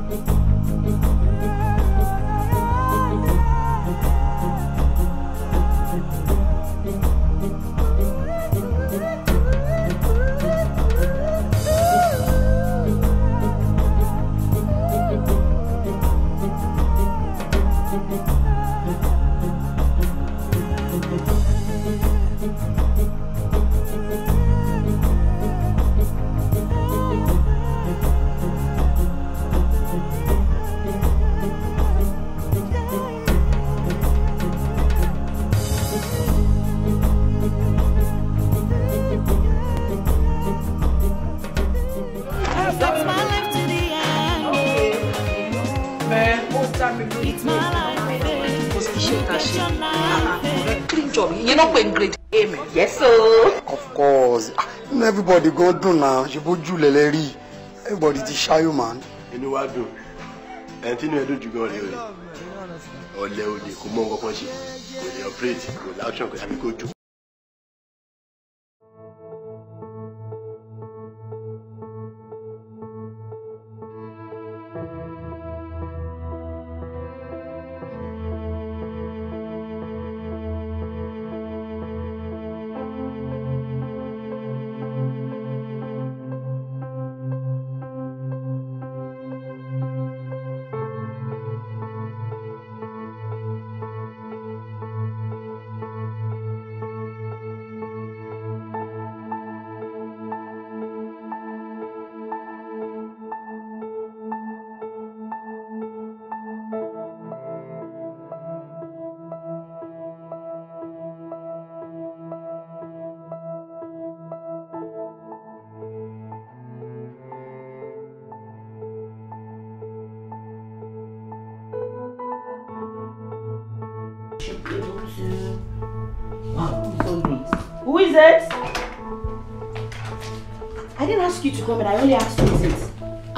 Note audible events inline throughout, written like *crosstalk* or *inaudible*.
Thank you. wọ́n pè grade a mi. yes sir. of course ah, everybody go do now. She put lẹ̀lẹ́ rí everybody ti you man. inú wa dùn ẹni tí inú ẹ dùn do gan ọ̀lẹ́ òde ọ̀lẹ́ òde kò mọ nǹkan kan ṣe kò lè operate kò lè action kò tàbí kò jù.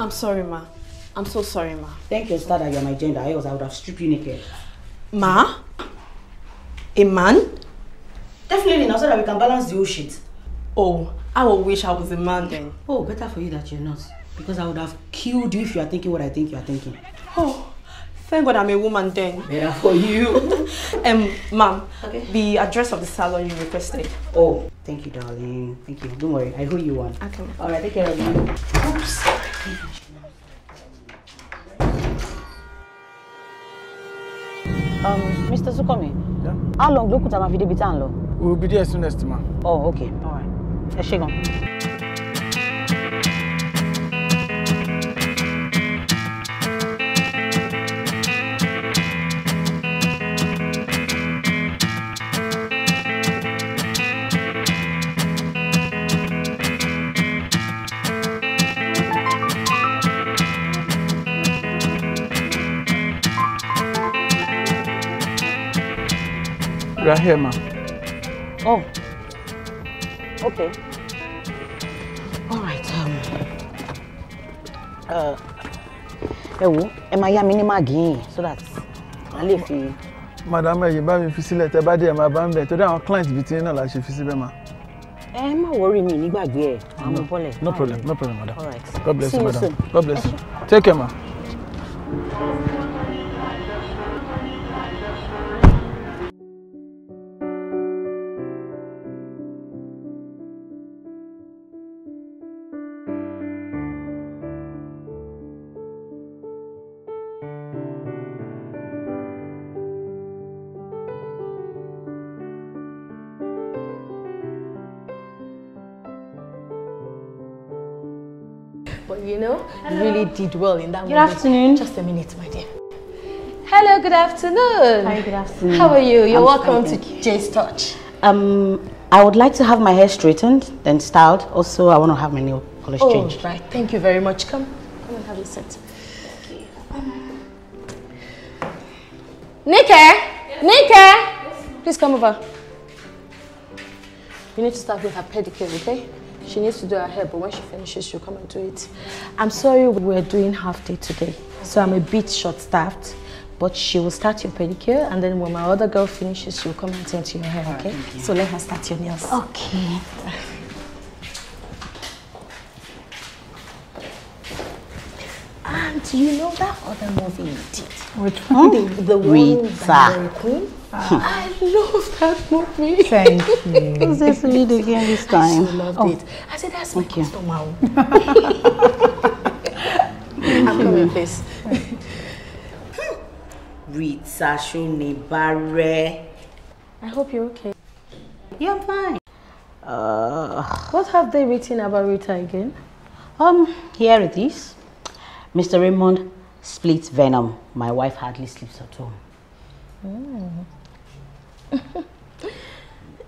I'm sorry, ma. I'm so sorry, ma. Thank you, Stada. You're my gender. Else I would have stripped you naked. Ma? A man? Definitely not, so that we can balance the whole shit. Oh, I would wish I was a man then. Oh, better for you that you're not. Because I would have killed you if you are thinking what I think you are thinking. Oh, thank God I'm a woman then. Better for you. *laughs* um, ma'am, okay. the address of the salon you requested. Oh, thank you, darling. Thank you. Don't worry, I owe you one. Okay. All right, take care of you. Oops. Um, Mr. Sukomi, yeah? how long do you tá a máa fi débi tá à ń be there soonest, ma. Oh, okay, all right. Let's ṣé gan. are here, ma. Oh. Okay. All right. Um, uh, ẹ wo ẹ máa yá mi ní máàgì so that I lè fi. madam ẹ yìí bá mi fi sílẹ̀ tẹ́ bá dé ẹ̀ máa bá ń bẹ̀ torí àwọn client bíi ti la ṣe fi síbẹ̀ ma. ẹ má worry me. nígbàgbé ẹ àwọn no problem no problem madam. all right. God bless you madam. God bless you. Take care ma. did well in that good moment. afternoon. Just a minute, my dear. Hello, good afternoon. Hi, good afternoon. How are you? You're I'm welcome to Jay's Touch. Um, I would like to have my hair straightened, then styled. Also, I want to have my nail polish oh, changed. right. Thank you very much. Come, come and have a seat. Um, Nike! Yes. Nike! Yes. Please come over. You need to start with her pedicure, okay? She needs to do her hair, but when she finishes, she'll come and do it. I'm sorry we're doing half day today, so I'm a bit short-staffed. But she will start your pedicure, and then when my other girl finishes, she'll come and tend to your hair, okay? Right, you. So let her start your nails. Okay. And you know that other movie you did? Which one? The, the one Queen. Ah. I love that movie. Thank *laughs* you. let this just again this time. I so loved oh. it. I said, that's my okay. customer. *laughs* I'm coming, please. Rita Shunibare. I hope you're okay. Yeah, I'm fine. Uh, what have they written about Rita again? Um, here it is. Mr. Raymond splits venom. My wife hardly sleeps at home. Mm. *laughs*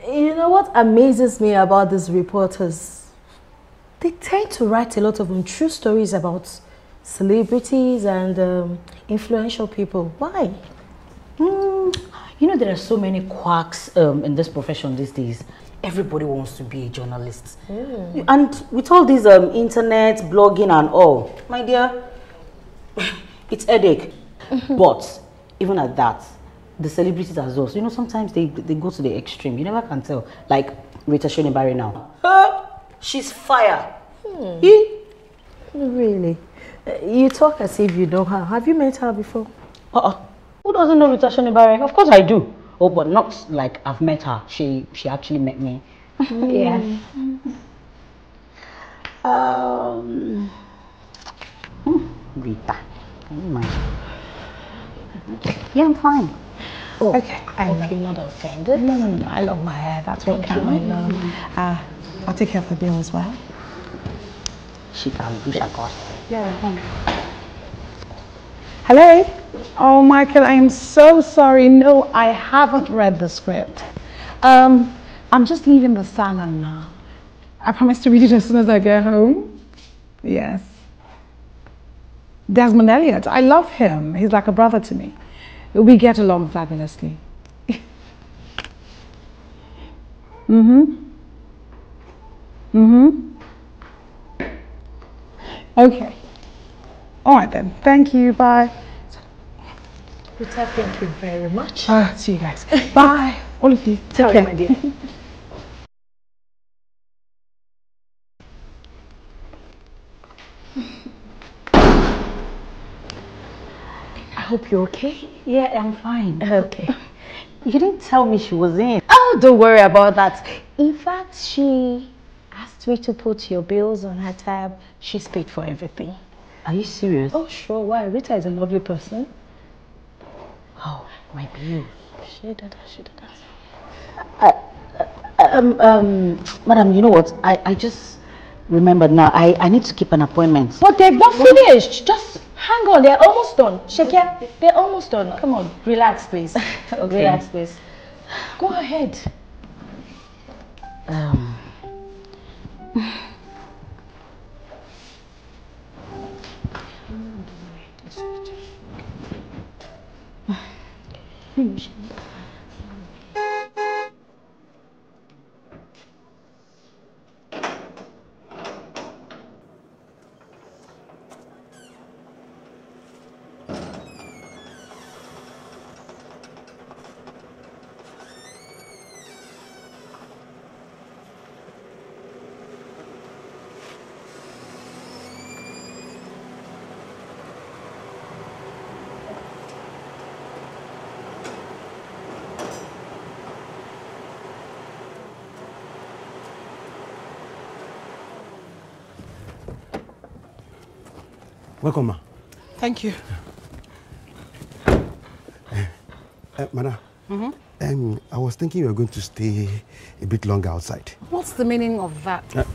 you know what amazes me about these reporters? They tend to write a lot of untrue stories about celebrities and um, influential people. Why? Mm. You know, there are so many quacks um, in this profession these days. Everybody wants to be a journalist. Mm. And with all this um, internet, blogging and all, my dear, *laughs* it's headache. but even at that, the celebrities as well. So, you know, sometimes they, they go to the extreme. You never can tell. Like Rita Shonibari now. Her, she's fire. Hmm. He? Really? You talk as if you know her. Have you met her before? Uh-uh. Who doesn't know Rita Shonibari? Of course I do. Oh, but not like I've met her. She she actually met me. *laughs* yeah. *laughs* um... Rita. Yeah, I'm fine. Oh, okay. I am not offended. No, no, no. I love my hair. That's what counts. I mm-hmm. Uh, I'll take care of the bill as well. She can do that, God. Yeah, Hello? Oh, Michael, I am so sorry. No, I haven't read the script. Um, I'm just leaving the salon now. I promise to read it as soon as I get home. Yes. Desmond Elliott. I love him. He's like a brother to me. We get along fabulously. *laughs* mm-hmm. Mm-hmm. Okay. All right then. Thank you. Bye. Rita, thank you very much. Uh, see you guys. Bye. All of you. Sorry, okay. my dear. *laughs* hope you're okay. Yeah, I'm fine. Okay. *laughs* you didn't tell me she was in. Oh, don't worry about that. In fact, she asked me to put your bills on her tab. She's paid for everything. Are you serious? Oh, sure. Why? Rita is a lovely person. Oh, my bill. She did that. She did that. um, um, madam, you know what? I, I just remembered now. I, I need to keep an appointment. But they've not finished. Just Hang on, they're almost done. Shekia, they're almost done. Come on, relax, please. *laughs* okay. Relax, please. Go ahead. Um. *sighs* Welcome, ma. Thank you. Uh, Madam, mm -hmm. um, I was thinking you were going to stay a bit longer outside. What's the meaning of that? Uh,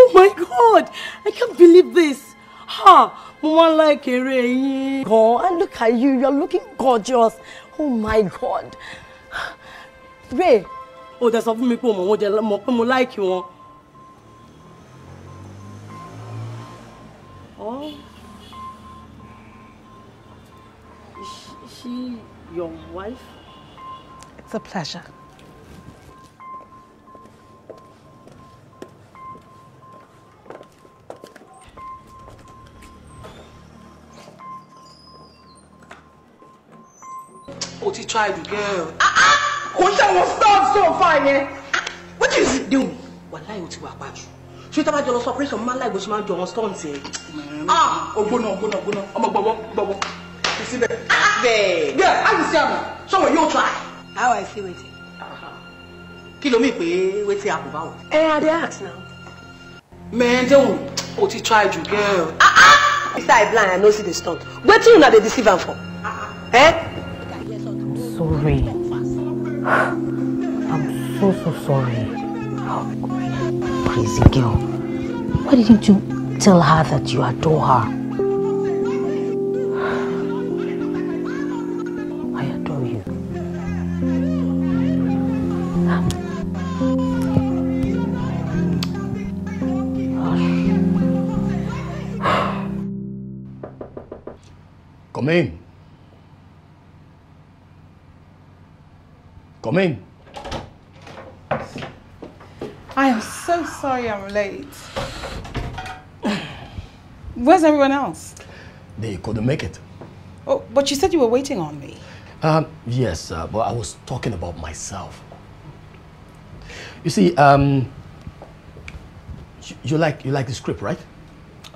oh my God! I can't believe this. Ha! One like a rain. God, and look at you. You're looking gorgeous. Oh my God. Ray. o dẹ sọ fún mi pé o mọ̀ jẹ mọ̀ pé mo láìkì wọn. Oh. Is she, your wife? It's a pleasure. Oh, she tried, girl mo stop so far yẹn what is it doing wàláì o ti wà pàjù ṣé tá a bá jọ lọ sọ operation máa ń láì bó ṣe máa ń jọ wọn stunt yẹn. ah ògbóná ògbóná ògbóná ọmọ gbọwọ gbọwọ kì í síbẹ̀. Ah! bẹ́ẹ̀ bẹ́ẹ̀ a yìí sí àmọ́ sọ̀rọ̀ yóò try. how i feel wetin. kí ló mi pé wetin a kò bá wọ. ẹ i dey ask now. mẹ́ẹ̀ẹ́dẹ́wò o ti try jù gẹ́ẹ̀. Ah, ah! mr i blind i no see the stunt wetin una dey deceive am for. Eh? I'm Sorry. so, so sorry. Oh, crazy girl. Why didn't you tell her that you adore her? I adore you. Come in. Come in. sorry I'm late. Where's everyone else? They couldn't make it. Oh, but you said you were waiting on me. Um, yes, uh, but I was talking about myself. You see, um, you, you like you like the script, right?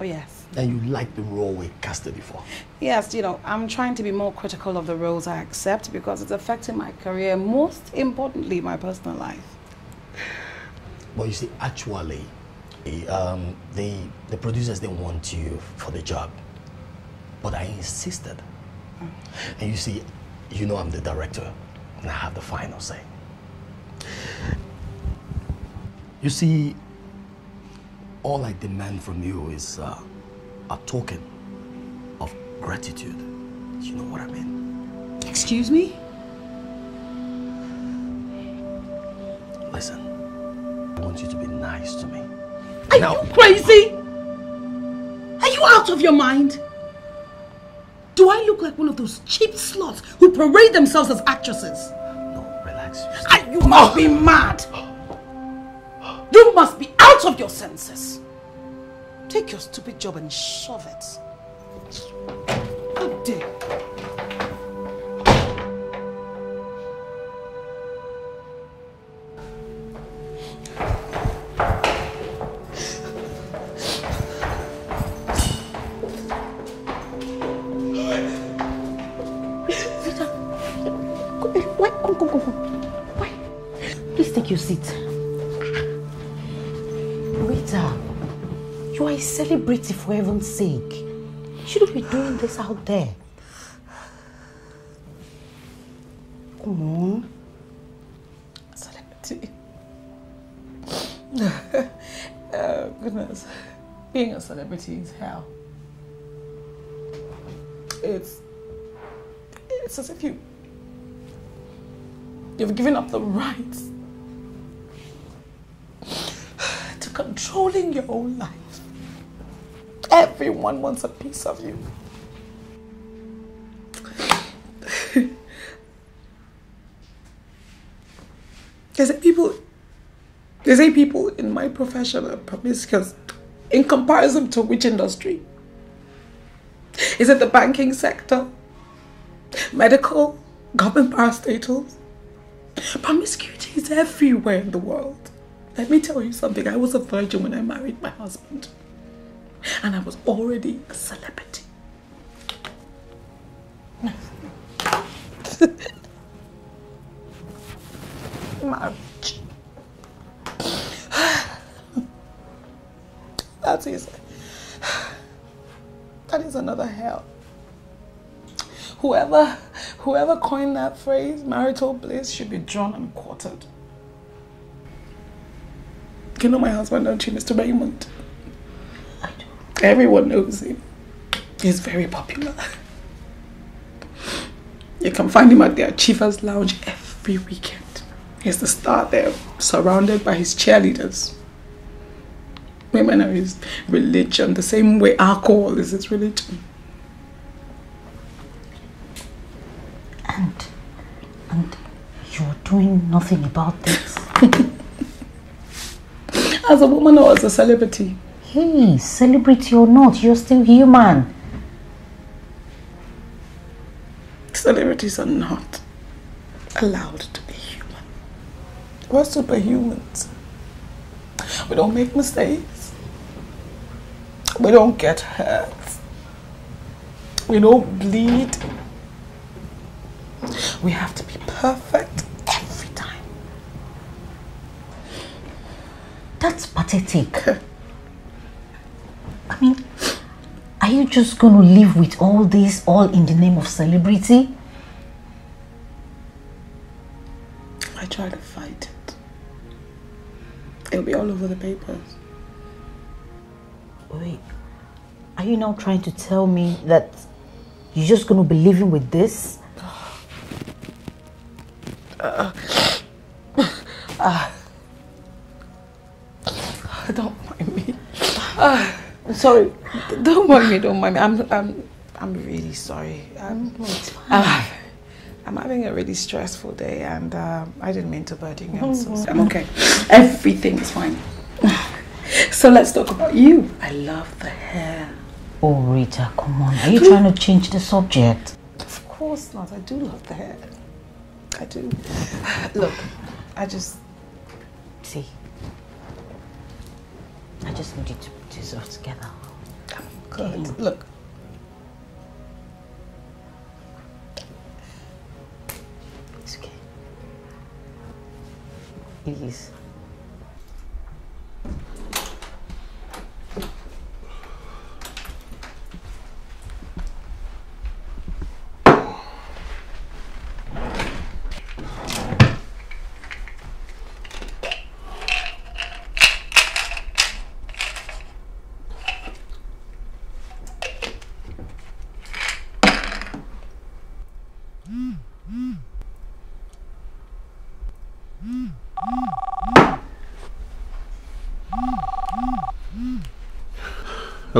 Oh yes. And you like the role we casted before. Yes, you know, I'm trying to be more critical of the roles I accept because it's affecting my career, most importantly, my personal life. But you see, actually, eh, um, the, the producers didn't want you for the job, but I insisted. And you see, you know I'm the director, and I have the final say. You see, all I demand from you is uh, a token of gratitude. You know what I mean? Excuse me? Listen. I want you to be nice to me. Are now, you crazy? Are you out of your mind? Do I look like one of those cheap sluts who parade themselves as actresses? No, relax. I, you must be mad. You must be out of your senses. Take your stupid job and shove it. How dare Celebrity, for heaven's sake. You shouldn't be doing this out there. Come on. Celebrity. *laughs* oh, goodness. Being a celebrity is hell. It's it's as if you you've given up the rights *sighs* to controlling your own life. Everyone wants a piece of you. *laughs* there's people there's a people in my profession are promiscuous in comparison to which industry? Is it the banking sector? Medical? Government parastatals? Promiscuity is everywhere in the world. Let me tell you something. I was a virgin when I married my husband and I was already a celebrity. *laughs* Marriage. *sighs* that is *sighs* that is another hell. Whoever whoever coined that phrase, marital bliss, should be drawn and quartered. You know my husband, don't you, Mr. Raymond? Everyone knows him. He's very popular. You can find him at the Achievers Lounge every weekend. He's the star there, surrounded by his cheerleaders. Women are his religion, the same way alcohol is his religion. And, and you're doing nothing about this? *laughs* as a woman or as a celebrity? Hey, celebrity or not, you're still human. Celebrities are not allowed to be human. We're superhumans. We don't make mistakes. We don't get hurt. We don't bleed. We have to be perfect every time. That's pathetic. *laughs* I mean, are you just going to live with all this, all in the name of celebrity? I try to fight it. It'll be all over the papers. Wait, are you now trying to tell me that you're just going to be living with this? Uh, *sighs* uh, *sighs* *sighs* don't mind me. Uh sorry. *laughs* Don't mind me. Don't mind me. I'm I'm I'm really sorry. I'm, um, it's fine. I'm having a really stressful day, and um, I didn't mean to burden you. I'm, so sorry. I'm okay. Everything is fine. *sighs* so let's talk about you. I love the hair. Oh, Rita, come on. Are you trying to change the subject? Of course not. I do love the hair. I do. *sighs* Look, I just... See? I just you to She's all together. I'm good. good. Look. It's okay. Please.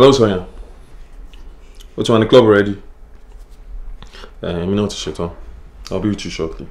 Hello, Sonia. What's on the club already? Uh, I'm not to shut I'll be with you shortly.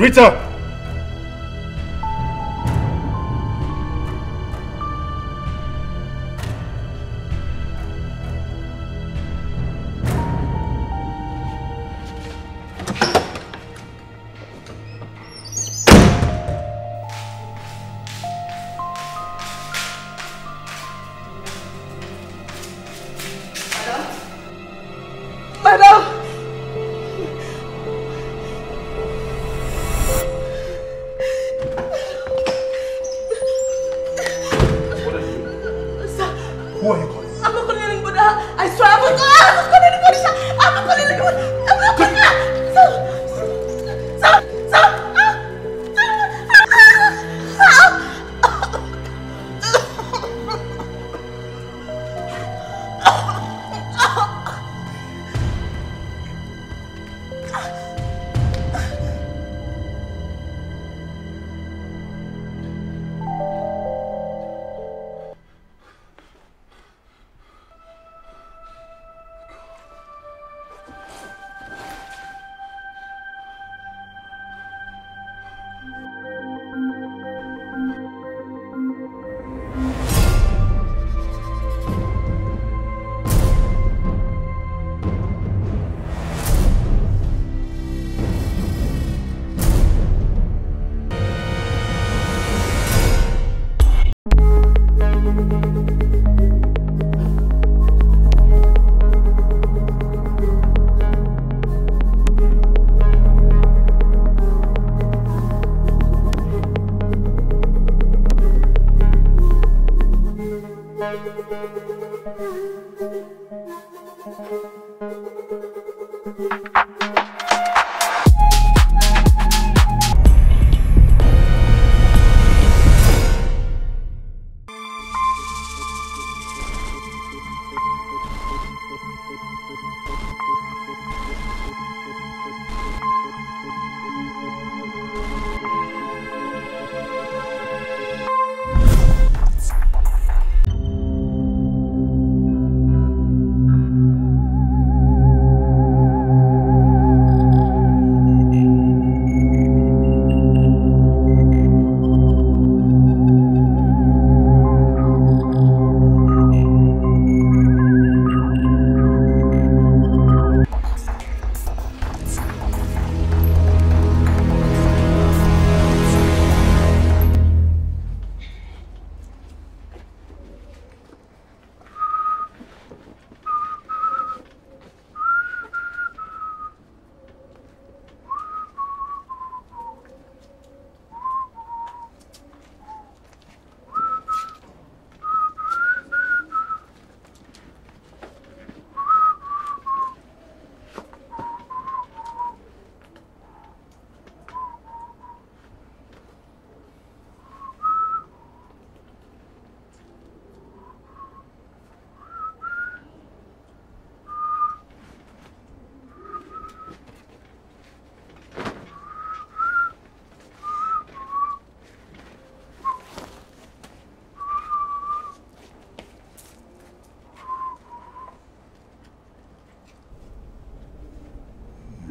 Rita!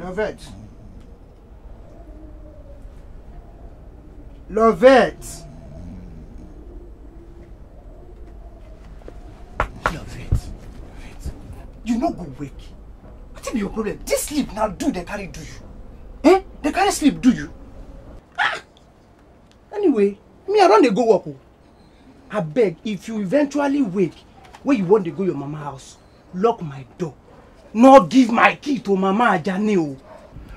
Lovette. Lovette. Lovette. Lovette. You no go wake. What be your problem? This sleep now. do they carry do you. Eh? They carry sleep do you. Ah! Anyway, me around they go work oh. I beg if you eventually wake, wey you want to go your mama house, lock my door no give my key to mama ajani o oh.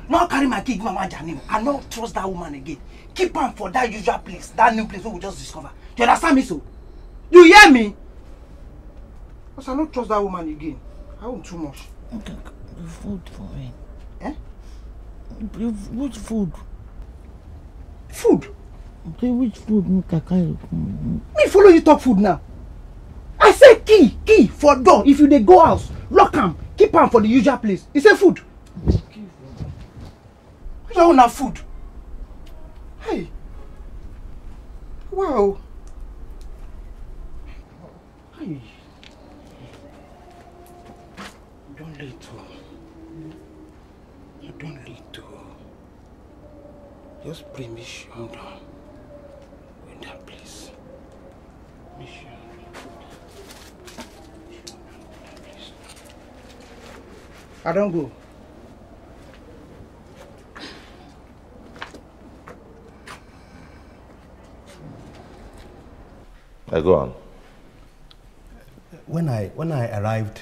no carry my key give mama ajani o oh. i no trust that woman again keep am for that usual place that new place wey we just discover do you understand me so you hear me because i no trust that woman again i own too much. look you food for me. Eh? which food. food. okay which food make i carry me follow you talk food now i say key key for door if you dey go house lock am keep am for the usual place e say food which one na food hey wow hey you don late o oh. you don late o oh. just bring me she in that place make she. I don't go. I go on. When I, when I arrived,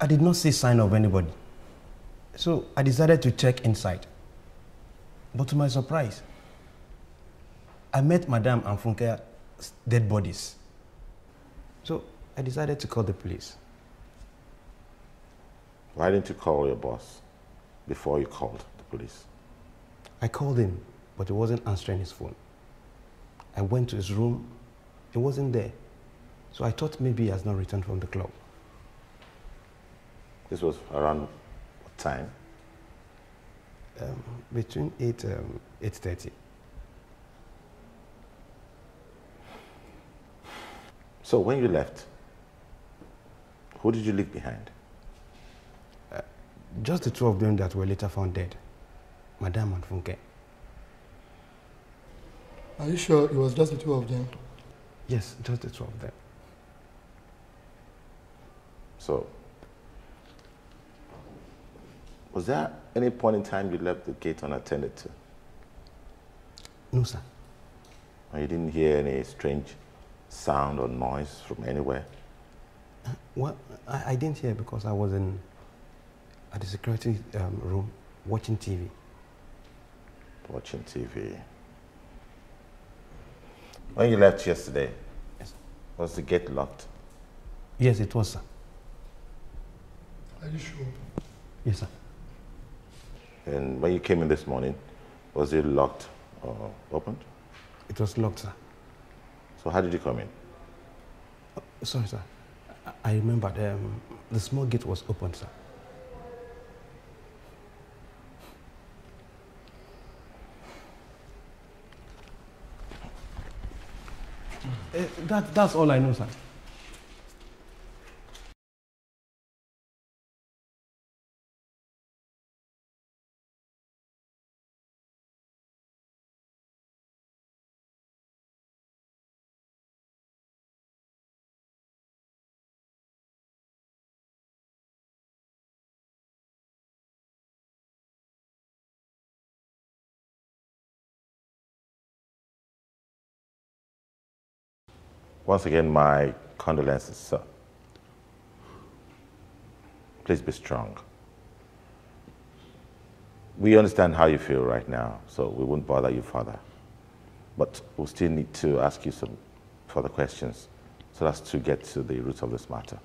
I did not see sign of anybody. So I decided to check inside. But to my surprise, I met Madame and Funke dead bodies. So I decided to call the police. Why didn't you call your boss before you called the police? I called him, but he wasn't answering his phone. I went to his room, he wasn't there. So I thought maybe he has not returned from the club. This was around what time? Um, between 8 um, 8.30. So when you left, who did you leave behind? Just the two of them that were later found dead, Madame and Funke. Are you sure it was just the two of them? Yes, just the two of them. So, was there any point in time you left the gate unattended to? No, sir. And you didn't hear any strange sound or noise from anywhere? Uh, well, I, I, didn't hear because I was in at the security um, room watching TV. Watching TV. When you left yesterday, yes. was the gate locked? Yes, it was, sir. Are you sure? Yes, sir. And when you came in this morning, was it locked or opened? It was locked, sir. So how did you come in? Oh, sorry, sir. I, I um, the small gate was open, sir. Eh, that, that's all I know, sir. Once again, my condolences, sir. Please be strong. We understand how you feel right now, so we won't bother you further. But we'll still need to ask you some further questions so as to get to the root of this matter.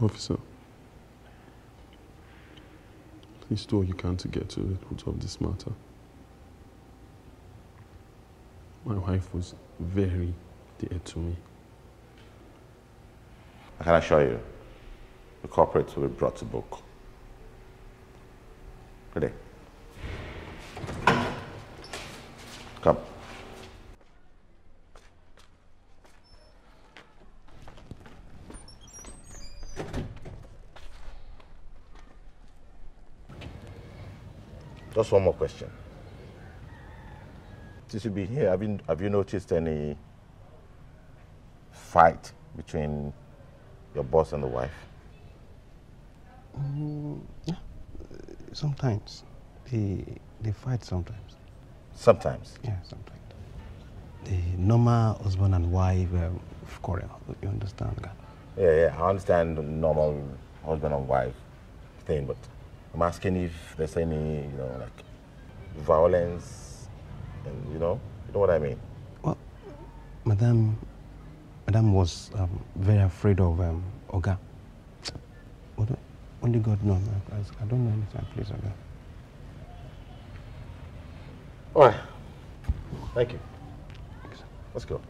Officer, please do all you can to get to the root of this matter. My wife was very dear to me. I can assure you, the corporates will be brought to book. Good day. Come. Just one more question you've been here. Have you, have you noticed any fight between your boss and the wife? Mm, yeah. Sometimes. They, they fight sometimes. Sometimes? Yeah, sometimes. The normal husband and wife um, quarrel. You understand Yeah, yeah. I understand the normal husband and wife thing, but I'm asking if there's any, you know, like violence and you know, you know what I mean. Well, Madame, Madame was um, very afraid of um, Oga. What, only God knows. I, don't know anything, please, Oga. All right. Thank you. Let's go.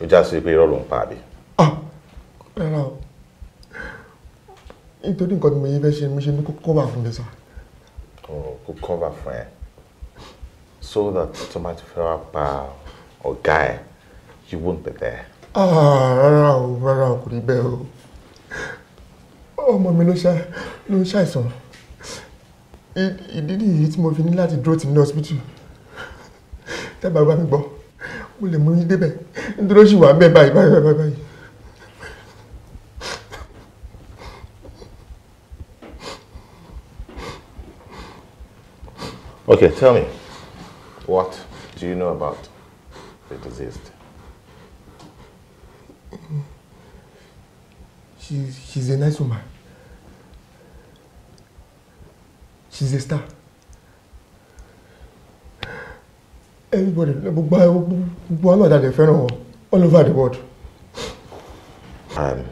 You just sí pé irọ́ ló nítorí nǹkan tí mo yí fẹ́ ṣe mo ṣe ní kó cover fún mi sá. kó cover fún ẹ so that tó máa ti fẹ́ wá pa ọ̀gá ẹ you won't be there. Ah, rárá o rárá o kò rí bẹ́ẹ̀ o ọmọ mi ló ń ṣàìsàn ìdí nìyí tí mo fi ní láti dúró tì ní hospital tẹ́ bàbá mi gbọ́ mo lè mú yín débẹ̀ nítorí ó sì wà ń bẹ́ẹ̀ báyìí báyìí báyìí. Okay, tell me, what do you know about the deceased? She's, she's a nice woman. She's a star. Everybody, gbogbo àwọn all over the world. Um,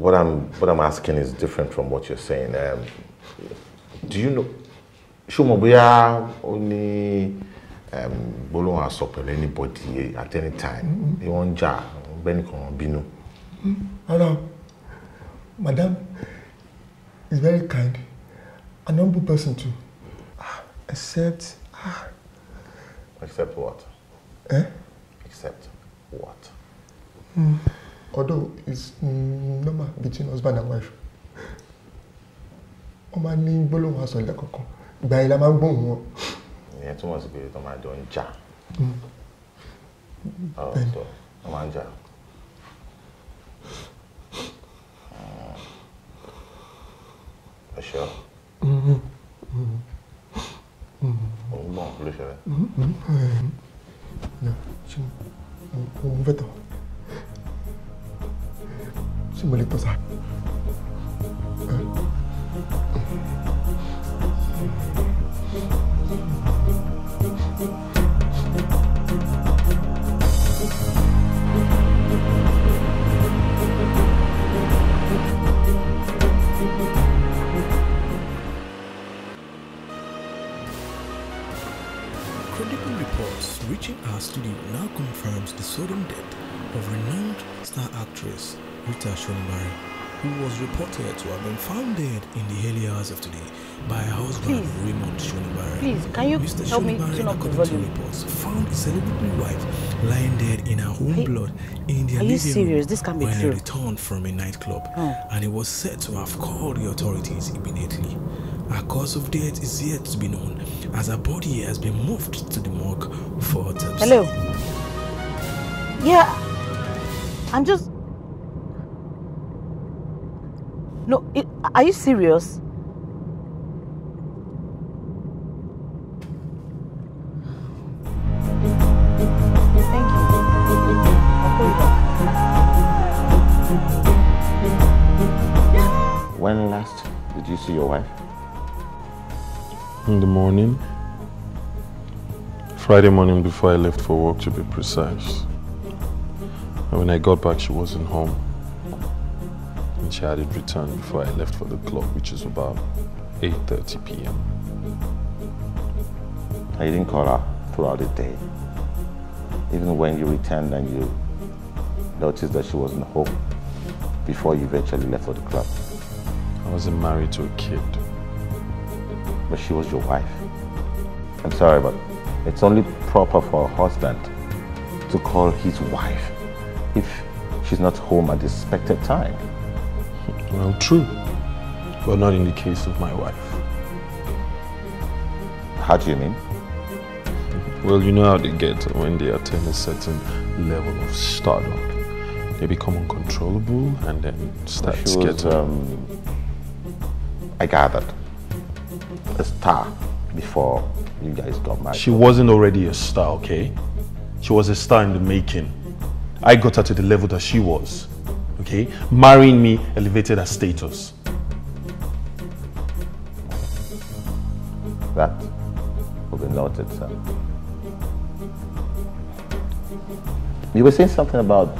what I'm what I'm asking is different from what you're saying. Um, do you know ṣó mọ̀ bóyá ó ní gbólóhùn àsọ pẹ̀lú anybody at any time bí wọ́n ń jà bẹ́ẹ̀ nìkan wọn bínú. Hmm, rárá madam is very kind an humble person too ah, except. Ah. except what? Eh? except what? Mm. although it's mm, normal between husband and wife wọ́n máa ń ní gbólóhùn àsọ lẹ́kọ̀ọ̀kan ìgbà yìí la máa ń gbóhùn wọn. ìyẹn túmọ̀ sí pé tó máa jọ ń jà hmm. ọ̀tọ̀ tó máa ń jà. ẹ̀ṣọ́ òun gbọ́n ló ṣẹlẹ̀. òun hmm, hmm, fẹ́ tọ̀ ṣé mo lè tọ́ sa. Thank you. Critical reports reaching our studio now confirms the sudden death of renowned star actress Rita Shonibari, who was reported to have been found dead in the early hours of today by her husband please. Raymond Shonibara. Please, can you Mr. help Shonibara, me turn up the volume? Reports, found his celebrity wife lying dead in her own you, blood in the Are you serious? This can be when true. When he returned from a nightclub, oh. and he was said to have called the authorities immediately. Her cause of death is yet to be known, as her body has been moved to the morgue for autopsy. Hello. Yeah, I'm just. No, it, are you serious? When last did you see your wife? In the morning. Friday morning before I left for work, to be precise. And when I got back, she wasn't home. And she hadn't returned before I left for the club, which is about 8.30 p.m. I didn't call her throughout the day. Even when you returned and you noticed that she wasn't home before you eventually left for the club. I wasn't married to a kid. But she was your wife. I'm sorry, but it's only proper for a husband to call his wife if she's not home at the expected time. Well, true, but not in the case of my wife. How do you mean? Well, you know how they get when they attain a certain level of stardom. They become uncontrollable and then start well, getting... Um, I gathered, a star before you guys got married. She wasn't already a star, okay? She was a star in the making. I got her to the level that she was, okay? Marrying me elevated her status. That will be noted, sir. You were saying something about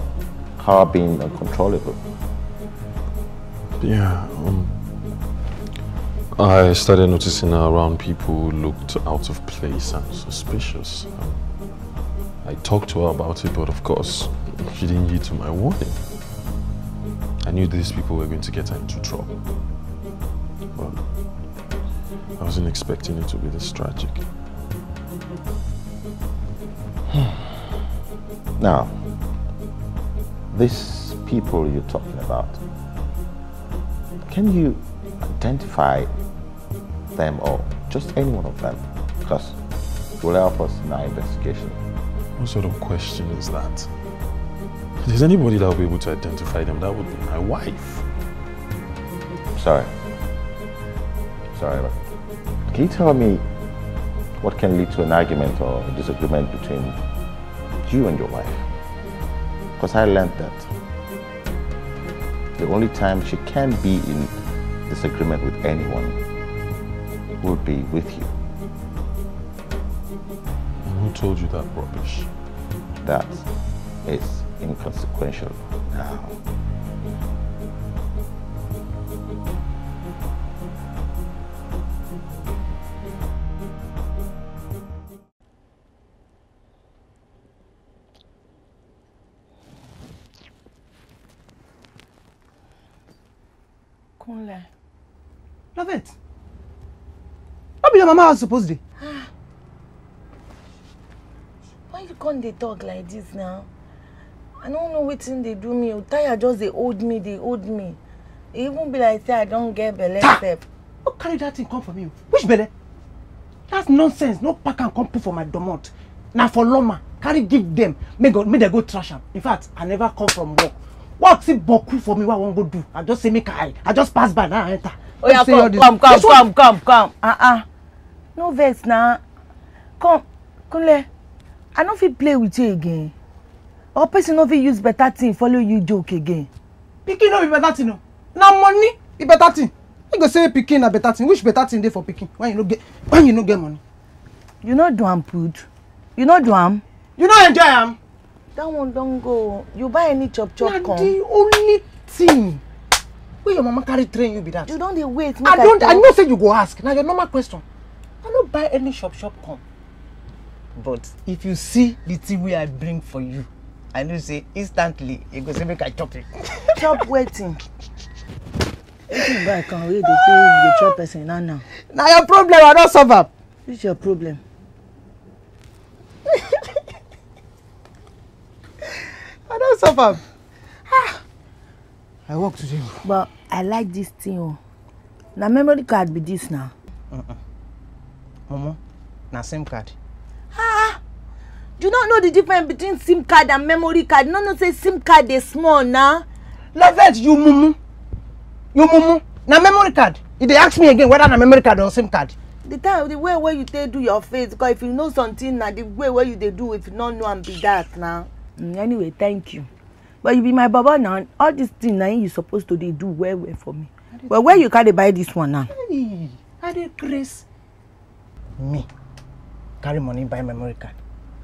her being uncontrollable. Yeah, um I started noticing around people looked out of place and suspicious. I talked to her about it, but of course, she didn't heed to my warning. I knew these people were going to get her into trouble. But I wasn't expecting it to be this tragic. *sighs* now, these people you're talking about, can you identify them or just any one of them because it will help us in our investigation. What sort of question is that? If there's anybody that will be able to identify them, that would be my wife. Sorry. Sorry, but can you tell me what can lead to an argument or a disagreement between you and your wife? Because I learned that the only time she can be in disagreement with anyone will be with you. Who told you that rubbish? That is inconsequential now. Love it. How be your mama house suppose dey *sighs* why you come dey talk like this now i don't know thing they do me o tire just they hold me They hold me e even be like say i don't get belle sef. no carry that thing come from you? which belle that's nonsense no pack and come put for my domot Now for loma carry give them. May God may they go trash am in fact i never come from work work still boku for me What i wan go do i just say me i i just pass by now enter. oh yeah, come come come come come come uh. ah, ah no vex na come kunle i no fit play with you again or person no fit use better thing follow you joke again. pikin no be better thing o na money be better thing you go say pikin na better thing which better thing dey for pikin when you no get when you no get money. you no do am put you no do am. you no enjoy am. that one don go you buy any chop chop come. na the only thing wey your mama carry train you be that. you don dey wait make i, I i don i know say you go ask na your normal question. I don't buy any shop shop come. But if you see the thing we I bring for you, I know say instantly you e go say make I chop it. *laughs* Chop waiting. Wetin you can come wey dey pay you chop person now now? now your problem I don't solve am. Which your problem? *laughs* I don't solve up. Ah! I walk to today. But I like this thing Now oh. Na memory card be this now. Uh -uh. Momo, na SIM card. Ah! Do you not know the difference between SIM card and memory card? No, no, say SIM card dey small na. Lovett, you mumu. You mumu. Na memory card. If they ask me again whether na memory card or SIM card. The time, the way where you they do your face, because if you know something na the way where you they do, if you not know and be that na. Mm, anyway, thank you. But you be my baba now. All this thing na you supposed to dey do well well for me. Well, where you carry buy this one now? Hey, I dey craze me carry money buy memory card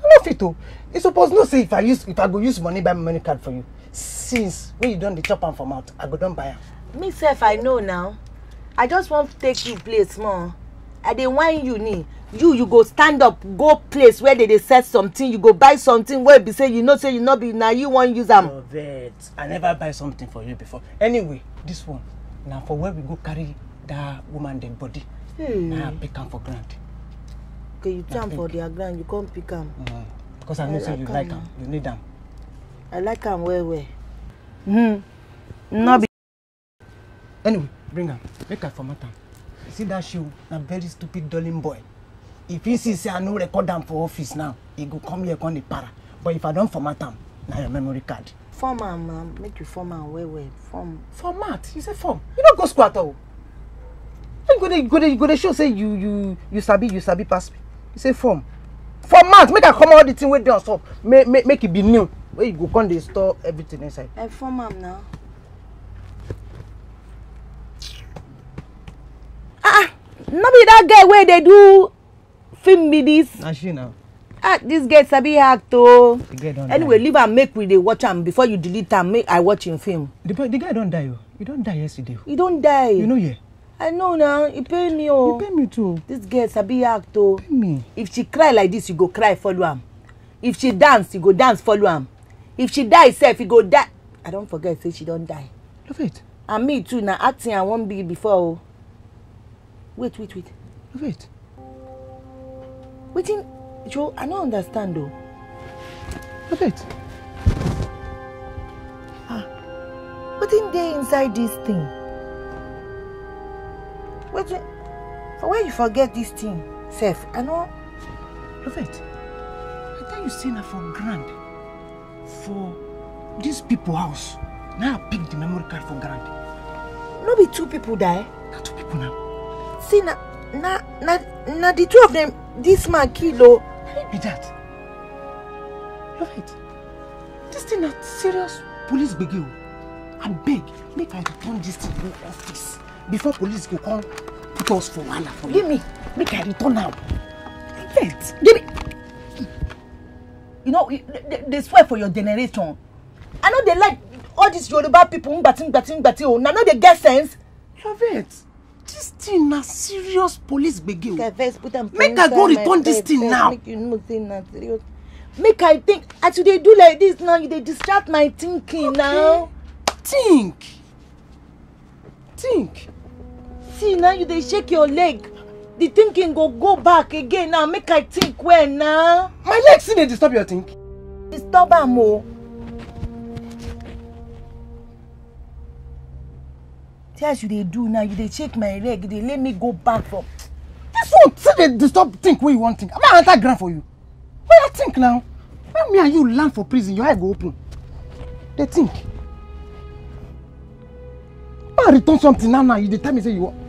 i oh. no fit o you suppose know say if i use if i go use money buy memory card for you since wey you don dey chop am for mouth i go don buy am. me sef i know now i just wan take you place, small i dey whine you ni you you go stand up go place where they dey sell something you go buy something wey be say you know say you no be na you wan use am. correct i never buy something for you before anyway this one na for where we go carry that woman dem body hmm. na pick am for ground okay you do for their ground you come pick am uh-huh. because i know say you like am you need am i like am well well hmm no be anyway bring am make i format am see dat shoe? na very stupid darling boy if he see say i no record am for office now he go come here come dey para but if i don format am na your memory card. form am na make you form am well well form. format you say form you no go school at all you go dey you go dey you go dey show say you you you sabi you sabi pass me say form for months, make i come all the thing wey dey on top make make make it be new Where you go come they store everything inside. i form am now. ah, ah not be that girl where they do film be dis. na she na. ah dis girl sabi act oo anyway die. leave and make with the watch am before you delete am make i watch im film. the, the guy don't die oo he don die yesterday. he don't die. you know Yeah? I know now. You pay me oh. You pay me too. This girl sabi act oh. Pay me. If she cry like this, you go cry follow am. If she dance, you go dance follow am. If she die sef, you go die. I don't forget say she don't die. Love it. And me too now acting I won't be before oh. Wait, wait, wait. Love it. Wetin Joe, I don't understand oh. Love it. Ah. in there inside this thing? wetin for where you forget this thing sef i know, Prophet, i thought you seen her for ground for dis people house now i pick the memory card for ground. no be two people die. Not two people now. see now, na na na the two of them. This man kill o. Oh. na be that. Prophet, this thing not serious police gbege oh. I beg, make i return this thing go office before police go come put us for wahala for you. give me make i return now. Wait. give me you know they, they swear for your generation i know they like all these yoruba people ngbati ngbati ngbati o now they dey get sense. perfect this thing is serious police begin. put them. make i go return this thing now. make you know say na serious make i think as you do like this now you dey distract my thinking okay. now. think think see now you they shake your leg the thinking go go back again now make i think well now? my leg still dey disturb your think. disturb more. o. tears you dey do now you they shake my leg they let me go back for. this one still they disturb think where you want think I'm i enter for you wey i think now when me and you land for prison your eye go open They think. I return something now now you the time you say you want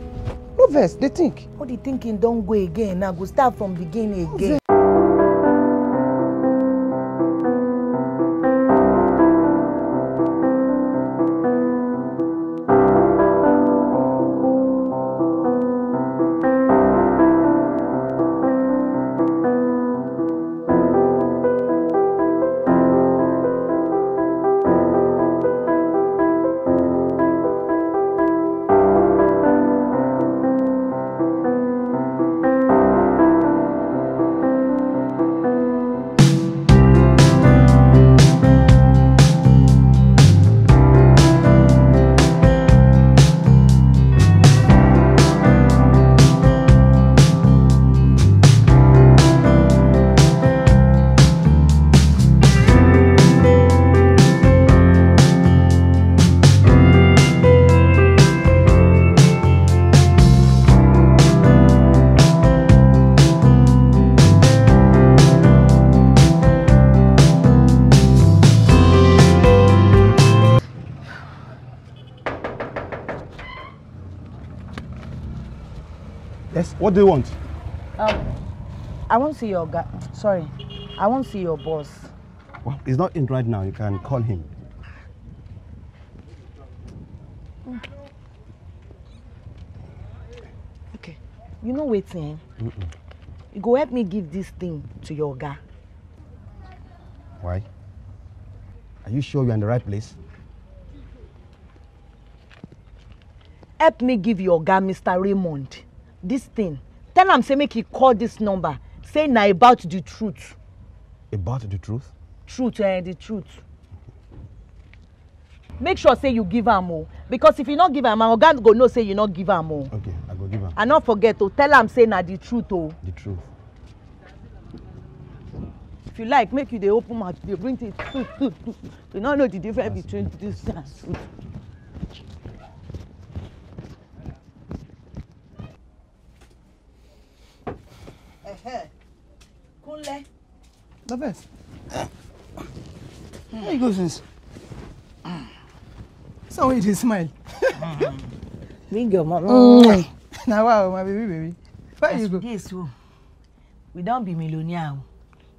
no vex dey think. all the thinking don go again I go start from beginning again. Yes, what do you want? Um, I won't see your guy. Sorry, I won't see your boss. Well, he's not in right now. You can call him. Mm. Okay, you know waiting. Mm -mm. You go help me give this thing to your guy. Why? Are you sure you're in the right place? Help me give your guy Mr. Raymond. This thing tell am say make he call this number say na about the truth. about the truth. truth eh the truth. make sure say you give am o oh. because if you no give am my oga go know say you no give am o. Oh. okay i go give am. And not forget to oh. tell am say na the truth o. the truth. if you like make you dey open mouth dey bring things *laughs* you no know the difference between this and truth. Kúnlẹ̀. Babes, where you go since? So we just smile. Big girl, mama. Mm. *laughs* Now, wow, my baby, baby. Where As you go? This, o. Oh. We don't be millionaire. Oh.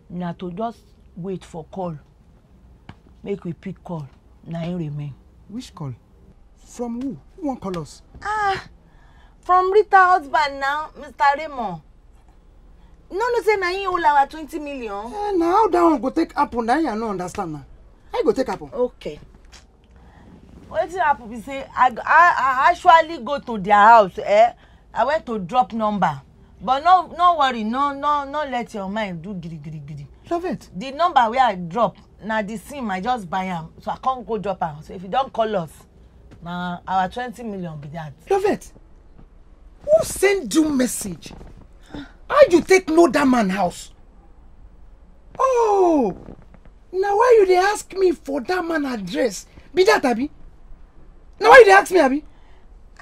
Now to just wait for call. Make we pick call. Now you remain. Which call? From who? Who wan call us? Ah, from Rita husband now, Mr. Raymond no no, say na him hold our twenty million. Eh, na how dat one go take happen na him i no understand na how e go take happen. okay wetin happen be say i i i actually go to their house eh i went to drop number but no no worry no no no let your mind do girigirigiri. love it. the number wey i drop na the sim i just buy am so i come go drop am so if you don call us na our twenty million be that. love it who send you message how you take know that man house oh na why you dey ask me for that man address be that abi na why you dey ask me abi.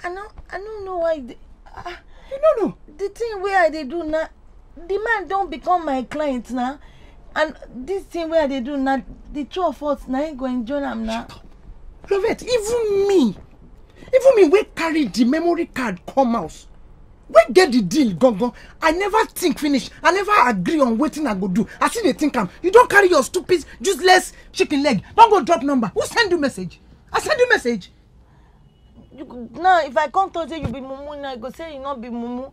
i no i no know why the. Uh, you no know. the thing wey i dey do na the man don become my client na and this thing wey i dey do na the two of us na him go enjoy am na. lovett even me even me wey carry the memory card come house wey get the deal gangan i never think finish i never agree on wetin i go do i still dey think am you don carry your stupid useless chicken leg don go drop number who send you message i send you message. you now if i come talk say you be mumu now you go say you no be mumu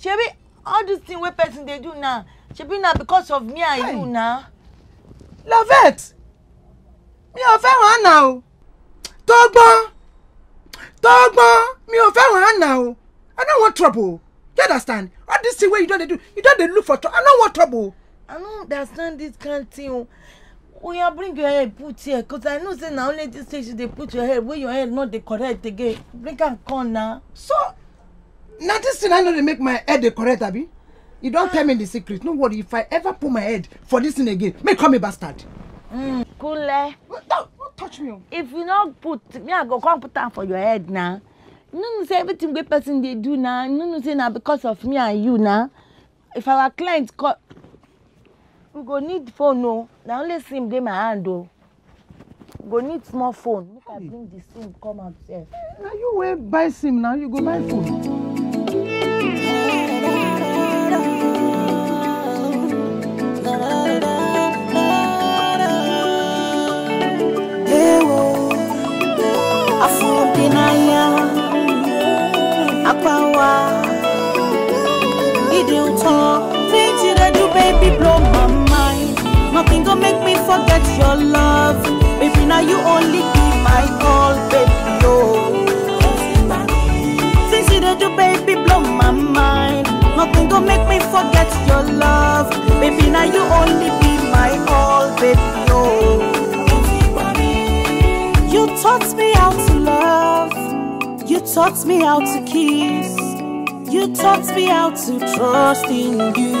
shebi all dis thing wey person dey do now shebi na because of me and you na. lovett mi ò fẹ́ràn hànà o tó gbọ́n tó gbọ́n mi ò fẹ́ràn hànà o. I don't want trouble. You understand? All this thing where you don't do, you don't look for trouble. I don't want trouble. I don't understand this kind of thing. Oh. When you bring your head, put here. Because I know say now only this stage they put your head, where your head not the correct again. Bring and come now. So, now this thing I know they make my head the correct, Abi. You don't ah. tell me the secret. No worry, if I ever put my head for this thing again, may call me bastard. Mm, eh? Don't, don't touch me. Oh. If you not put, me I go come put down for your head now no say everything wey person dey do na no know say na because of me and you na if our client call we go need phone o na only sim dey my hand o we go need small phone make i bring the sim come out sef. na you wey buy sim na you go buy phone. da da da time. Things you do, baby, blow my mind. Nothing gonna make me forget your love. Baby, now you only be my all, baby, oh. Things you do, baby, blow my mind. Nothing gonna make me forget your love. Baby, now you only be my all, baby, oh. You taught me how to love. You taught me how to kiss. You taught me how to trust in you.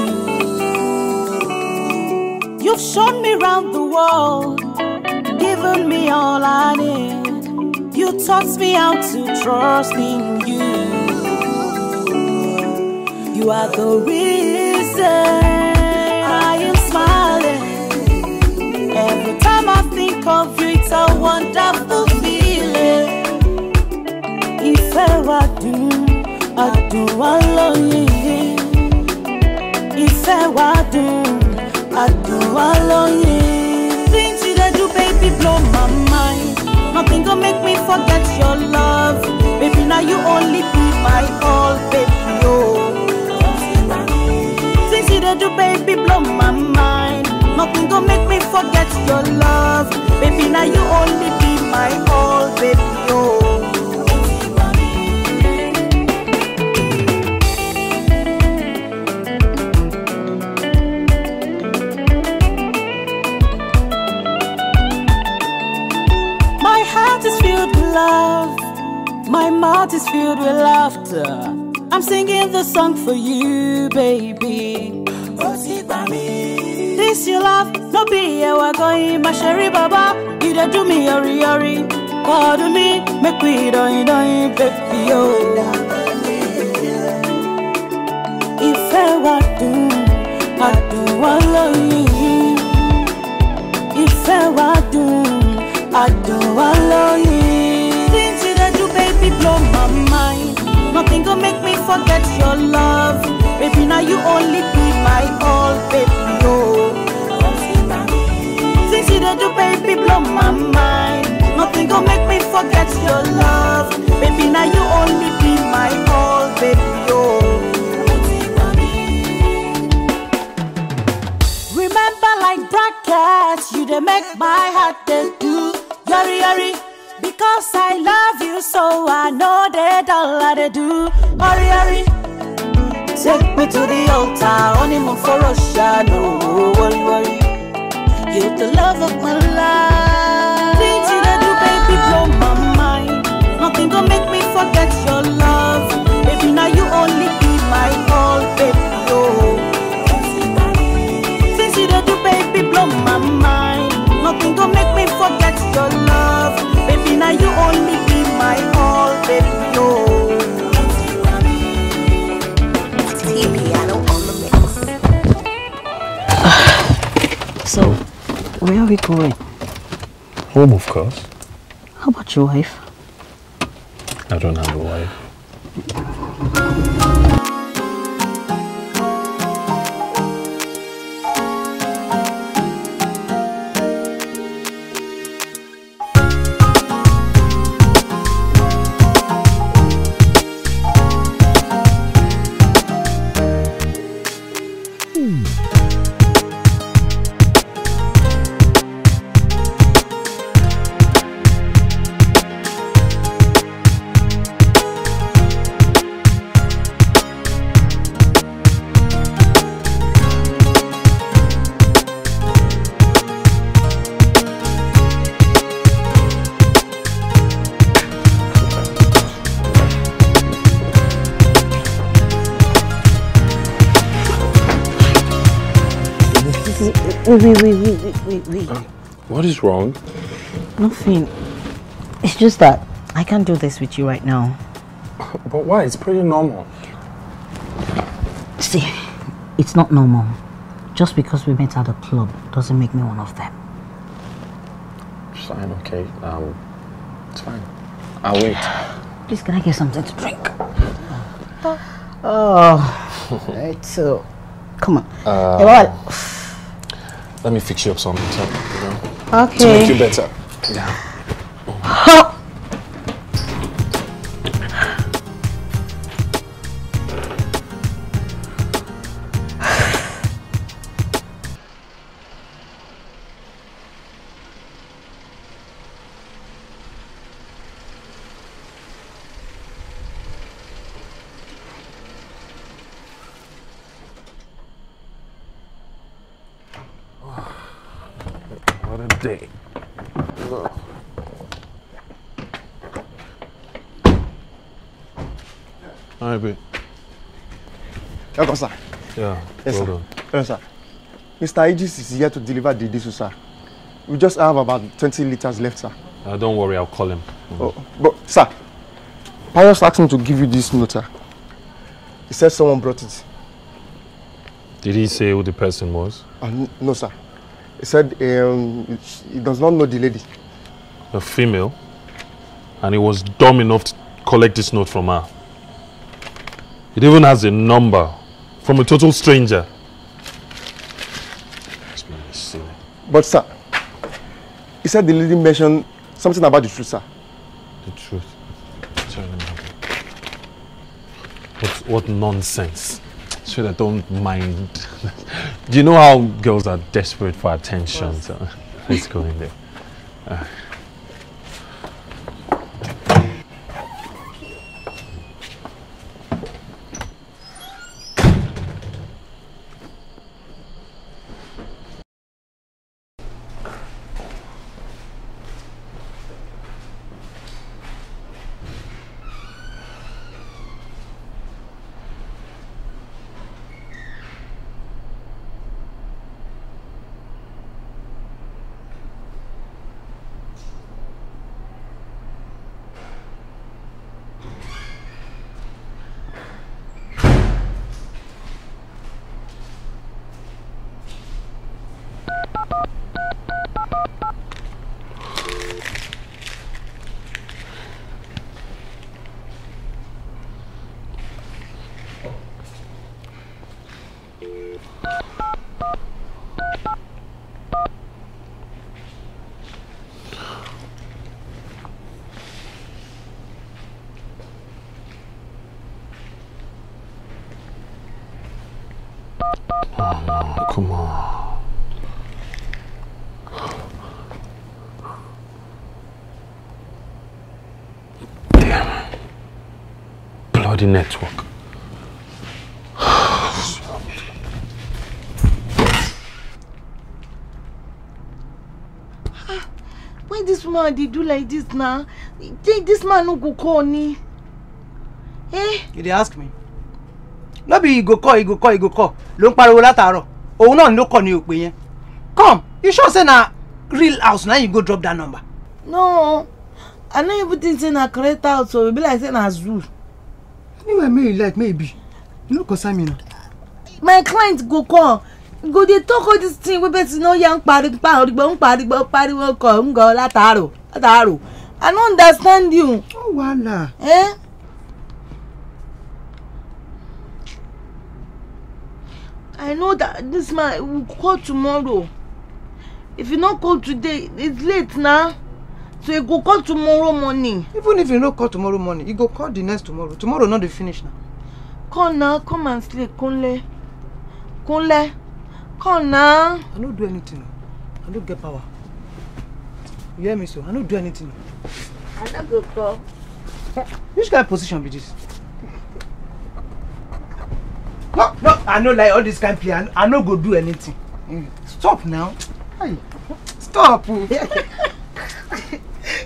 You've shown me round the world, given me all I need. You taught me how to trust in you. You are the reason I am smiling. Every time I think of you, it's a wonderful feeling. If ever do you baby blow my mind nothing make me forget your love baby oh. Now you only be my all baby Oh. you baby blow my mind nothing make me forget your love baby you only be my all baby Oh. love. My mouth is filled with laughter. I'm singing the song for you, baby. This your love, no be a wagoy, my sherry baba. You da do me yori yori. Call to me, make we doin doin, baby yo. If I want to, I do want love you. If I want to, I do I love you. nothing gonna make me forget your love. Baby, now you only be my all, baby, oh. since you don't do, baby, blow my mind. Nothing gonna make me forget your love. Baby, now you only be my all, baby, oh. Remember like brackets, you they make my heart dance. Because I love you so I know that all I do Hurry, hurry Take me to the altar Honeymoon for Russia No worry, worry You're the love of my life Things you do, baby, blow my mind Nothing gonna make me forget you Where are we going? Home, of course. How about your wife? I don't have a wife. Wait, wait, wait, wait, wait, wait, wait. Uh, what is wrong? Nothing. It's just that I can't do this with you right now. But why? It's pretty normal. See, it's not normal. Just because we met at a club doesn't make me one of them. It's fine, okay. Um, it's fine. I'll wait. *sighs* Please, can I get something to drink? *sighs* Oh, *laughs* it's, So, uh, come on. Uh, let me fix you up something, you know, okay. to make you better. Yeah. Oh. *laughs* Yes, well sir. Yes, sir. Mr. Aegis is here to deliver the diesel, sir. We just have about 20 liters left, sir. Uh, don't worry, I'll call him. Mm. Oh, but, sir, Pius asked me to give you this note, sir. He said someone brought it. Did he say who the person was? Uh, no, sir. He said um, he does not know the lady. A female? And he was dumb enough to collect this note from her. It even has a number from a total stranger. But sir, he said the lady mentioned something about the truth, sir. The truth? What, what nonsense. So I don't mind. *laughs* Do you know how girls are desperate for attention? So let's go in there. Uh. the network. Ah, Why this woman dey do like this now? Take this man no go call me. Eh? You dey ask me? No be you go call, you go call, you go call. Ló ń pariwo látàárọ̀. Òun náà ni ló kọ̀ ní òpè Come, you sure say na real house Now you go drop that number? No, I no even think say na correct house So E be like say na zoo anywhere may you like maybe, you know, concern me na. my client go call, go they talk all this thing wey person no yan paripa origbo npariwo pariwo kọ ngọ látàárọ̀ látàárọ̀ i don't understand you. ó wàhálà. Eh? i know that this man will call tomorrow if you no call today it's late na. So you go call tomorrow morning. Even if you no call tomorrow morning, you go call the next tomorrow. Tomorrow not dey finish now. Come now, come and sleep, Kunle. Kunle, come now. I no do anything. I no get power. You hear me so? I no do anything. I no go call. Which kind of position be this? No, no, I no like all this kind of play. I no go do anything. Mm. Stop now. stop. *laughs*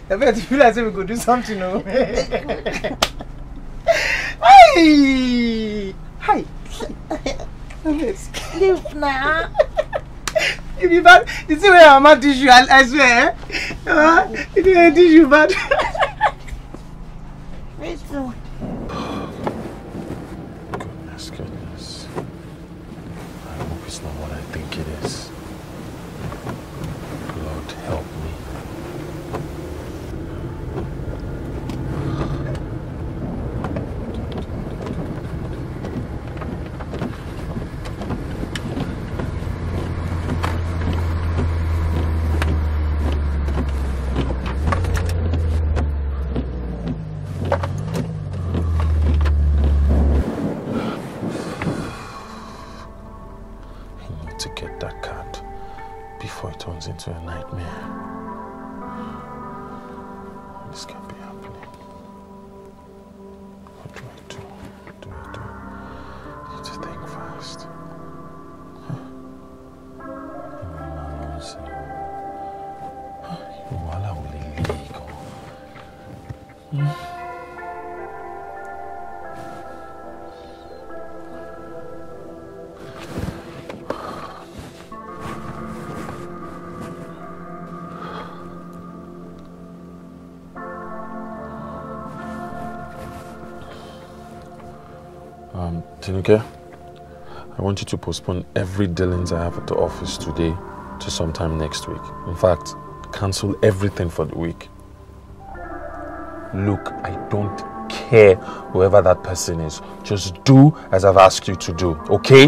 I bet you feel like we could do something. No? hey! Hi! sleep now. If you bad, you see where I'm at tissue, I, I swear. Eh? Uh, it's a tissue bad. Wait, no. want you to postpone every dealings I have at the office today to sometime next week. In fact, cancel everything for the week. Look, I don't care whoever that person is. Just do as I've asked you to do, okay?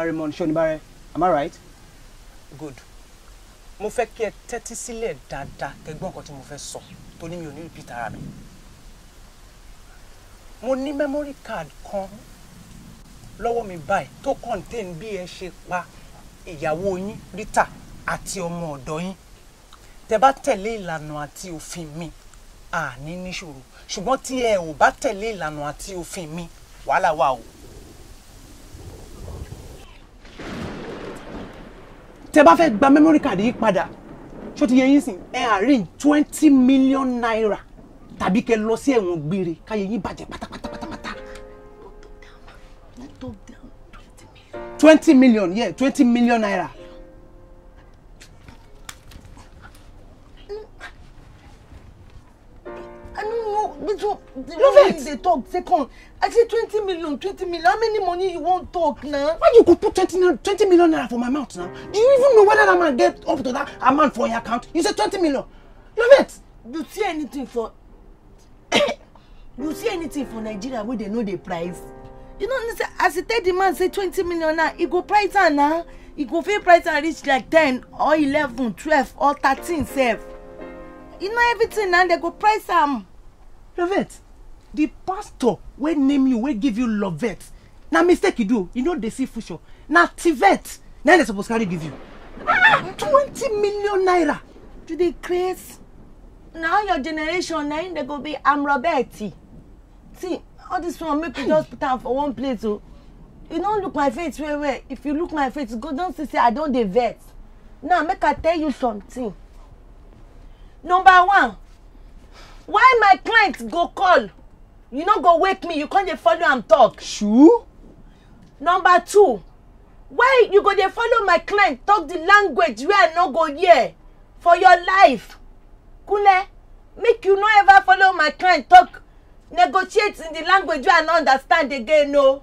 Sarimon Ṣonibare am I right? good mo fẹ́ kí ẹ tẹ́tí sílẹ̀ dáadáa kẹgbọ́n nǹkan tí mo fẹ́ sọ tó ní mi ò ní repeat ara mi mo ní memory card kan lọ́wọ́ mi báyìí tó contain bí ẹ ṣe pa ìyàwó yín Rita àti ọmọ ọ̀dọ́ yín tẹ bá tẹ̀lé ìlànà àti òfin mi àní níṣòro ṣùgbọ́n tí ẹ ò bá tẹ̀lé ìlànà àti òfin mi wàhálà wà o. tẹ bá fẹ́ gba memory card yìí padà ṣó ti yẹ yín sìn ẹ àárín twenty million naira tàbí kẹ lọ sí ẹ̀wọ̀n gbére káyé yín bàjẹ́ pátápátápátá. twenty million yeah twenty million naira. I don't know. Love it. They talk second. I say twenty million, twenty million. How many money you won't talk now? Why you could put twenty twenty million naira for my mouth now? Do you even know whether that man get up to that amount for your account? You said twenty million. Lovett. You see anything for? *coughs* you see anything for Nigeria where they know the price? You know understand? As he tell the man say twenty million now, he go price am now. He go fair price and reach like ten or eleven, twelve or thirteen sef. You know everything now, they go price am. Lovett the pastor wey name you wey give you lovette na mistake you do you no dey see future na tivet na dem suppose carry give you twenty million naira to dey create. na all your generation na im dey go be amrobeti see all this one make we just put am for one plate o oh. you no look my face well well if you look my face you go don see say i don dey vex now make i tell you something number one why my client go call you no go wake me you come dey follow am talk. Sure. number two why you go dey follow my client talk the language wey i no go hear for your life kunle make you no ever follow my client talk negotiate in the language wey i no understand again No. Oh.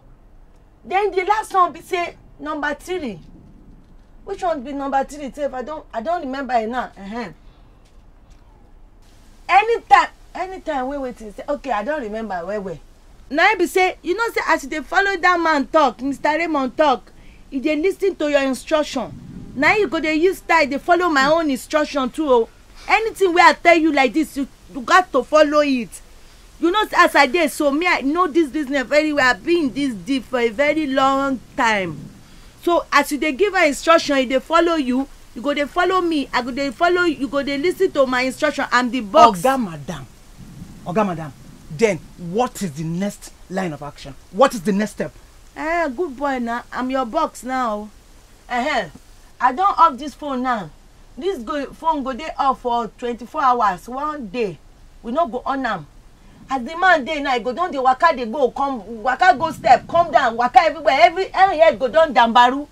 then the last one be say number three which one be number three sef i don i don remember it now uh -huh. anytime anytime wey wetin say okay i don remember well well na be say you know say as you dey follow dat man talk mr raymond talk you dey lis ten to your instruction na you go dey use style dey follow my own instruction too o oh. anything wey i tell you like this you, you gat to follow it you know as i dey so me i know this business very well i been this deep for a very long time so as you dey give her instruction e dey follow you you go dey follow me i go dey follow you go dey lis ten to my instruction and the box. oga madam oga madam then what is the next line of action what is the next step. Eh, good boy na i'm your box now uh -huh. i don off this phone now this go, phone go dey off for twenty-four hours one day we no go on am as the man dey now e go don dey waka dey go come waka go step come down waka everywhere every every head go don dambaru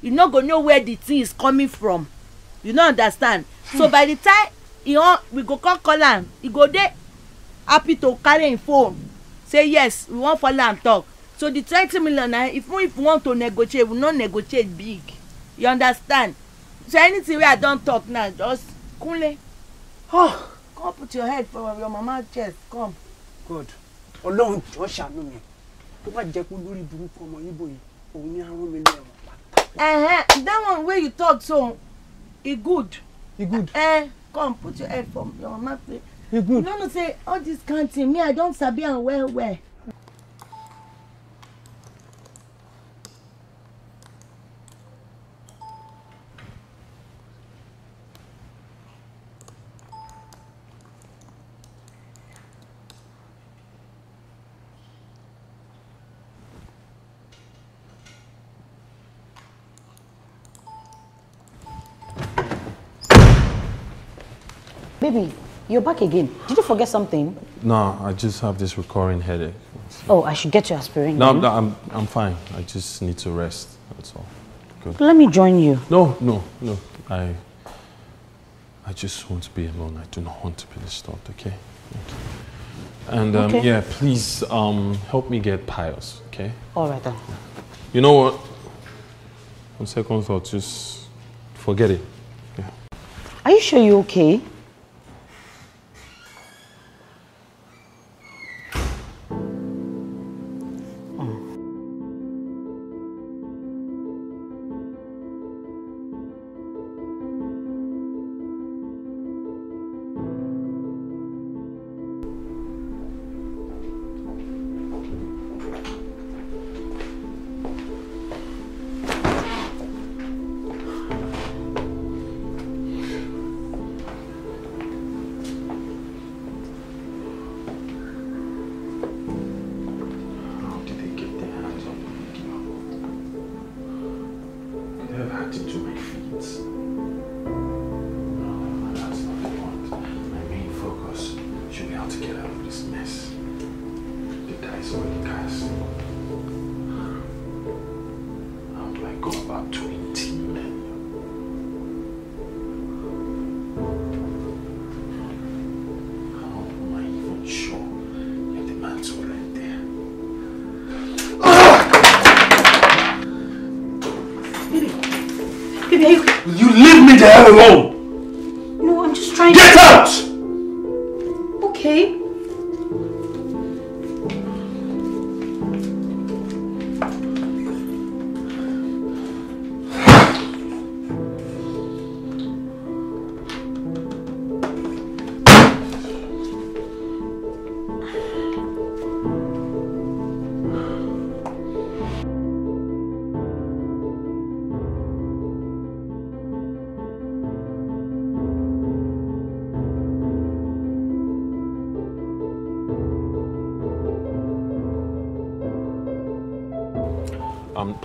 you no go know where the thing is coming from you no understand hmm. so by the time e on we go come call am e go dey happy to carry im phone say yes we wan follow am talk so the twenty million na if we want to negotiate we no negotiate big you understand so anything wey i don talk now just kunle oh come put your head for your mama chest come. god ọlọ́run jọ ṣàánú mi tó bá jẹ́ pé lórí burúkú ọmọ yíbo yìí òun ni arán mi lẹ́wọ̀n pátá. that one wey you talk so e good. e good. Uh, come put your head for your mama face e good. you no know say all this kind thing me i don sabi am well well. baby You're back again. Did you forget something? No, I just have this recurring headache. Oh, I should get you aspirin. No, no, I'm, I'm fine. I just need to rest. That's all. Good. Let me join you. No, no, no. I, I just want to be alone. I do not want to be disturbed. Okay. And um, okay. yeah, please um, help me get pious. Okay. All right then. You know what? On second thought, just forget it. Yeah. Are you sure you're okay?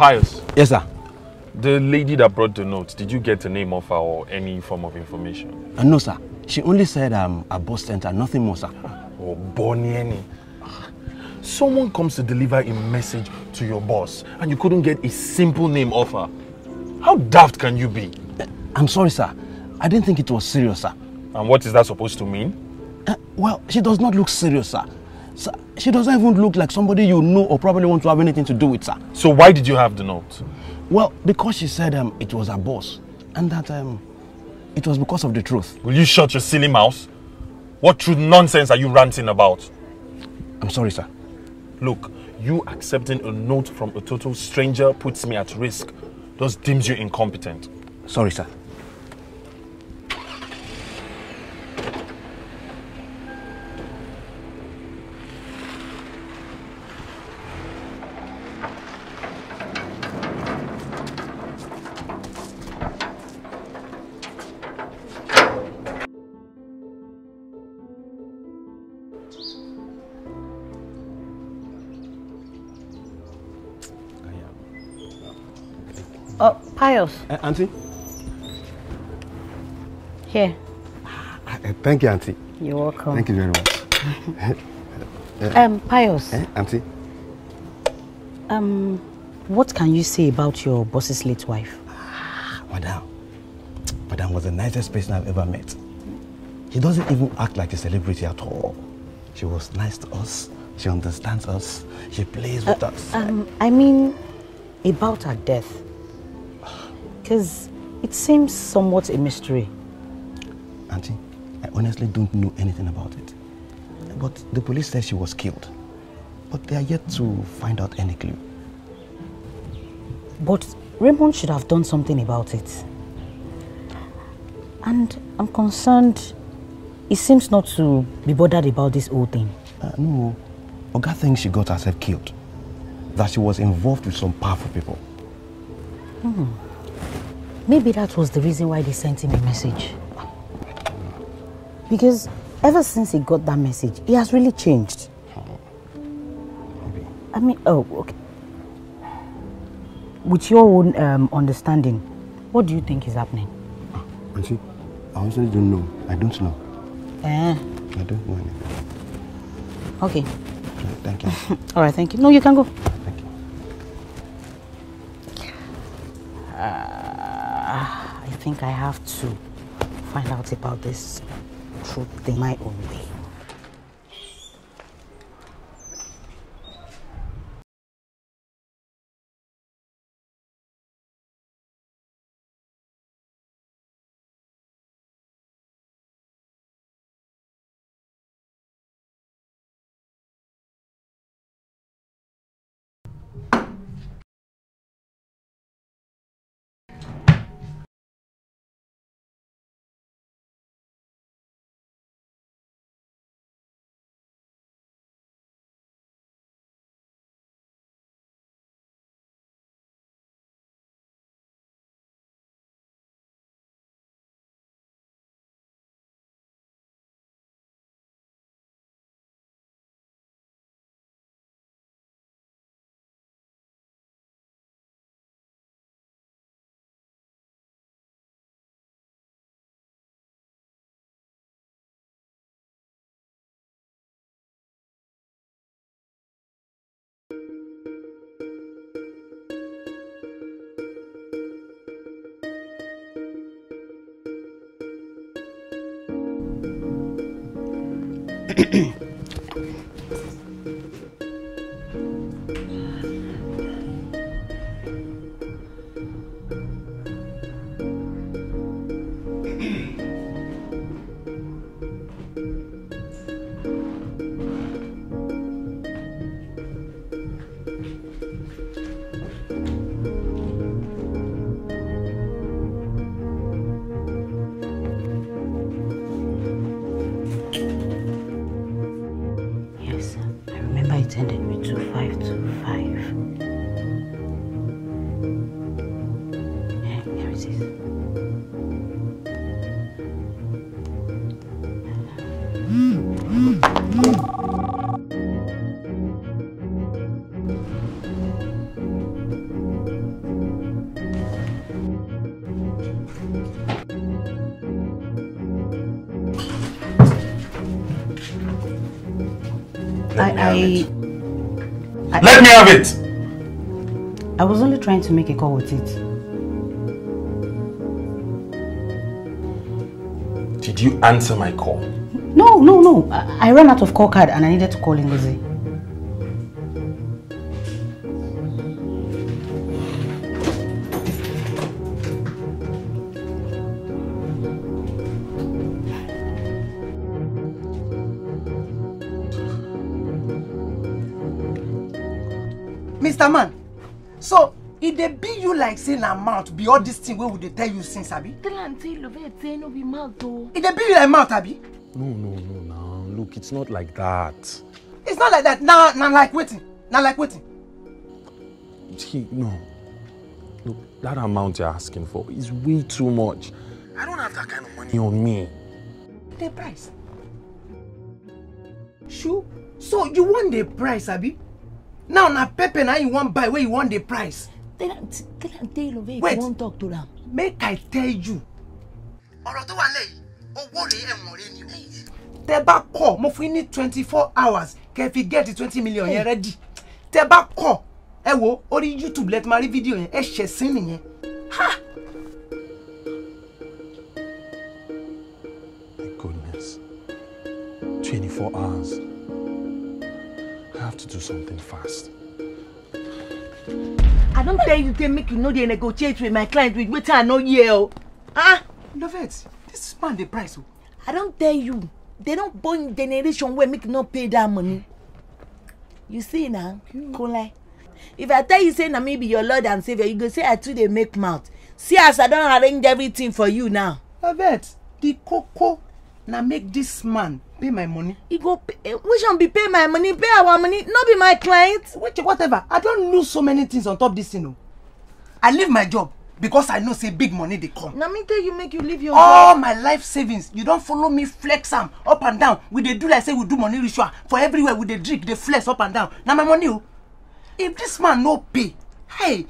Pius. Yes, sir. The lady that brought the note, did you get the name of her or any form of information? Uh, no, sir. She only said um, a bus center, nothing more, sir. Oh, Bonnie. Someone comes to deliver a message to your boss and you couldn't get a simple name of her. How daft can you be? Uh, I'm sorry, sir. I didn't think it was serious, sir. And what is that supposed to mean? Uh, well, she does not look serious, sir. So she doesn't even look like somebody you know or probably want to have anything to do with, sir. So why did you have the note? Well, because she said um, it was her boss and that um, it was because of the truth. Will you shut your silly mouth? What true nonsense are you ranting about? I'm sorry, sir. Look, you accepting a note from a total stranger puts me at risk. Thus deems you incompetent. Sorry, sir. Miles. Uh, eh, auntie? Here. Uh, thank you, Auntie. You're welcome. Thank you very much. uh, *laughs* um, Pius. Eh, auntie? Um, what can you say about your boss's late wife? Ah, Madam. Madam was the nicest person I've ever met. She doesn't even act like a celebrity at all. She was nice to us. She understands us. She plays with uh, us. Um, I mean, about her death. Because it seems somewhat a mystery. Auntie, I honestly don't know anything about it. But the police said she was killed. But they are yet to find out any clue. But Raymond should have done something about it. And I'm concerned he seems not to be bothered about this whole thing. Uh, no, Oga thinks she got herself killed. That she was involved with some powerful people. Hmm. Maybe that was the reason why they sent him a message. Because ever since he got that message, he has really changed. I mean, oh, okay. With your own um, understanding, what do you think is happening? see. I honestly don't know. I don't know. Eh? I don't know anything. Okay. okay thank you. *laughs* All right, thank you. No, you can go. Thank you. Uh uh, I think I have to find out about this truth in my own way. 嗯。I, Let me have it! I was only trying to make a call with it. Did you answer my call? No, no, no. I, I ran out of call card and I needed to call Ngozi. tin and mouth be all this thing wey we dey tell you since abi. tell am say love say no be mouth o. Oh. e dey be like mouth abi. no no no na look it's not like that. it's not like that na na like wetin na like wetin. see no look that amount you're asking for is way too much. I don't have that kind of money on me. The price. Shoe. So you want the price, Abi? Now na pepper na you wan buy wey you wan the price tell am tell of it if you wan talk to am. make i tell you. ọ̀rọ̀ tó wà lẹ́yìn owó rèé ẹ̀wọ̀n rèé ni. tẹ bá kọ̀ mo fún ní twenty four hours kẹ́ fi get the twenty million yẹn rẹ́dì tẹ bá kọ̀ ẹ wo orí youtube let máa rí fídíò yẹn ẹ ṣẹ̀ sí nìyẹn. my goodness twenty four hours i have to do something fast. Thank you i don't tell you say make you know they negotiate with my client with wetin i no hear o. Oh. ah. lovett dis man the price oh. i don't tell you they don born generation where make not pay that money. you see na Kole. if i tell you say na me be your lord and Savior, you go say i too they make mouth see as i don't arrange everything for you now. Lovette, the cocoa na make dis man pay my money. He go pay eh, which one be pay my money pay our money no be my client. which whatever i don lose so many things on top dis thing o oh. i leave my job because i know say big money dey come. na me tell you make you leave your. all job. my life savings you don follow me flex am up and down we dey do like say we do money ritual for everywhere we dey drink dey flex up and down na my money o oh. if dis man no pay hey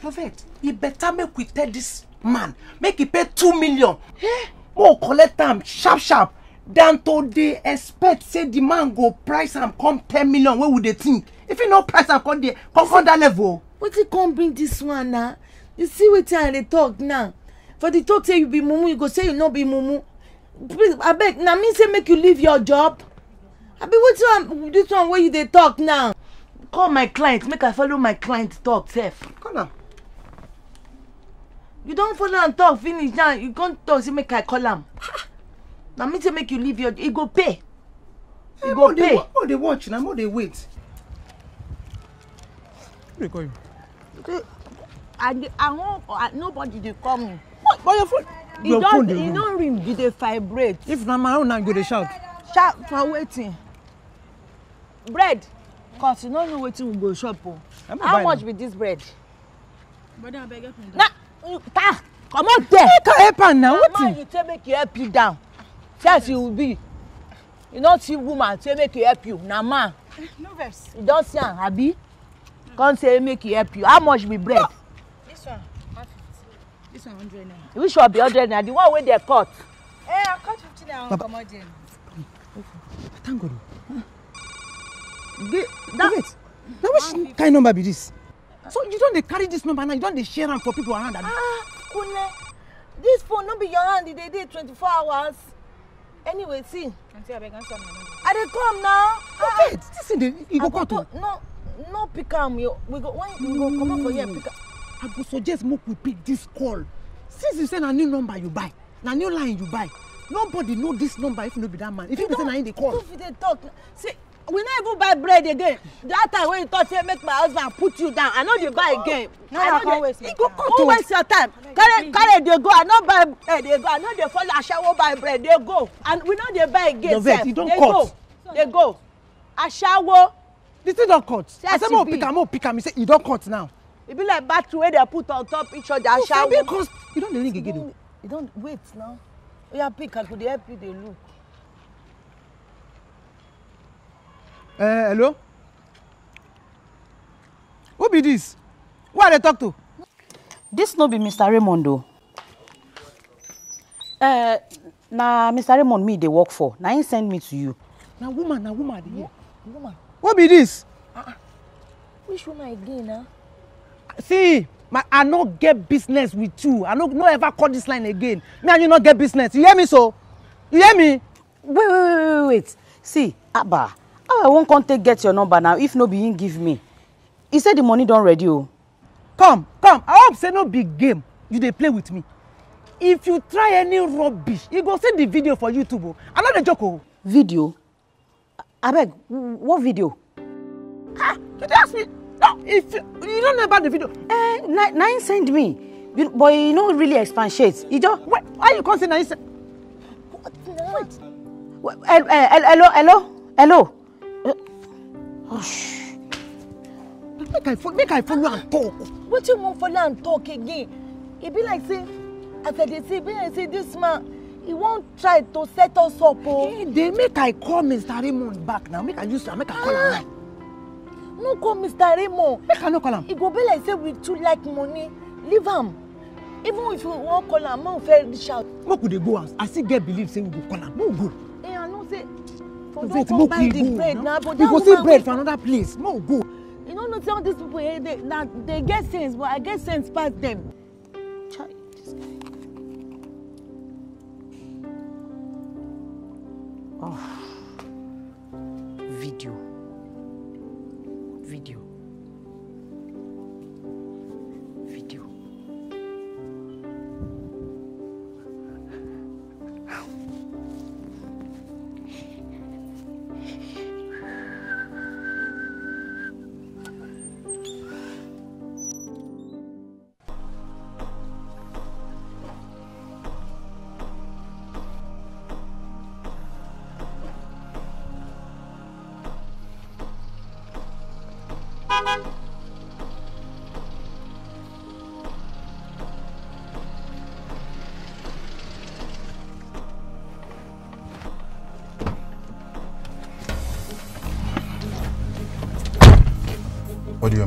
prophet e better make we tell dis man make e pay two million. Eh? mo collect am sharp sharp than to dey expect say the man go price am come ten million wey we dey think if he no price am come dey come come that level. wetin come bring dis one na you see wetin i dey talk now for the talk say you be mumu you go say you no be mumu please abeg na me say make you leave your job abi wetin one dis one wey you dey talk now. call my client make i follow my client talk sef. call am you don't follow and talk finish now you come talk say make i call him. Now, me to make you leave your you go pay You go eh, pay. mo they watch na mo they wait. who dey call you. And i dey nobody dey call me. what but your phone. Your phone, e don ring did dey vibrate. if not, my own na you go dey shout. shout for waiting. bread cos you no know waiting, we go shop how much with this bread. brother abeg help me. na ta comot there. make i help am na wetin. mama you tell make you help you down since you be you no see woman say make you help you na man. no vex. you don see am abi come say make you help you how much be bread. this one one fifty this one hundred naira. which one be hundred naira the one wey dey cut. eh i cut fifty naira and comot there. thank god o. Huh? wait na which kind number be this. Ah. so you don dey carry this number now you don dey share am for people around abi. ah kule this phone no be your hand e dey dey twenty-four hours anyway see. aunty abeg answer my number. i dey come now. okay ah, ah. this thing dey you go cut to. no no pick am yo we go when we go comot for here pick am. i go suggest make we pick this call since you say na new number you buy na new line you buy nobody know this number if no be that man if you be say na him dey call. you don fit dey talk see we no even buy bread again that time when you talk say make my husband put you down i no dey buy again no, i no dey e go come waste your time carry carry dey go i no buy bread dey go i no dey follow asawo buy bread dey go and we no dey buy again sef dey go dey go asawo. the thing don cut i say mo pick am mo oh, pick am he say e don cut now. e be like battery wey dey put on top each other asawo. no sabi cos e don dey ring again o. e don wait now oya pick as we dey help you dey look. Uh, hello? Who be this? Who are they talk to? This no be Mr. Raymond o. Uh, now Mr. Raymond me they work for. Now he send me to you. Now woman, now woman dey here. Woman. Who be this? Uh Which woman again, huh? Ah? See, my, I no get business with you. I no, no ever call this line again. Me and you no get business. You hear me so? You hear me? Wait, wait, wait, wait, wait. See, Abba how oh, i wan come take get your number now if no be him give me he say the money don ready o. Oh. come come i hope say no be game you dey play with me if you try any rubbish you go see the video for youtube o oh. i no dey joke o. video abeg what video. ah you dey ask me no if you, you don't know about the video. eh na na him send me but e no really expatiate e just wait why you come say na him send. wait. wait. Eh, eh, hello hello hello make i follow make i follow and talk. What you wan follow and talk again e be like say as i dey see be like say this man he won't try to set us up o. e dey make i call mr raymond back now make i use am make i call am now. no call mr raymond. make i no call him? e go be like say we too like money leave him. even if we wan call him, we'll we first reach out. make we go house i still get believe saying we go call him. make we go. e i know say for don't come buy the bread now. but that woman wey go see bread for another place no go. you no know say all these people here eh, They, na dey get sense but i get sense pass them. oh video video.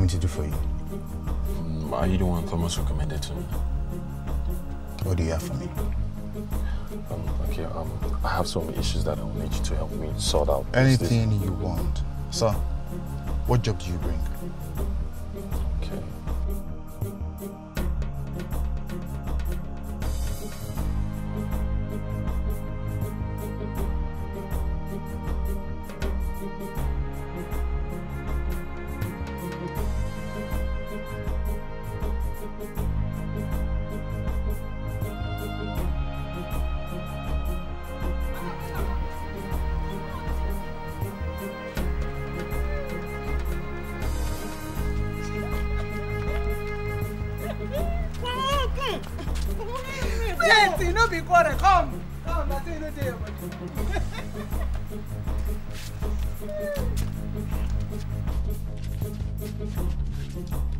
to do for you? Mm, are you the one Thomas recommended to me? What do you have for me? Um, okay, um, I have some issues that I will need you to help me sort out. Anything you want. Sir, what job do you bring?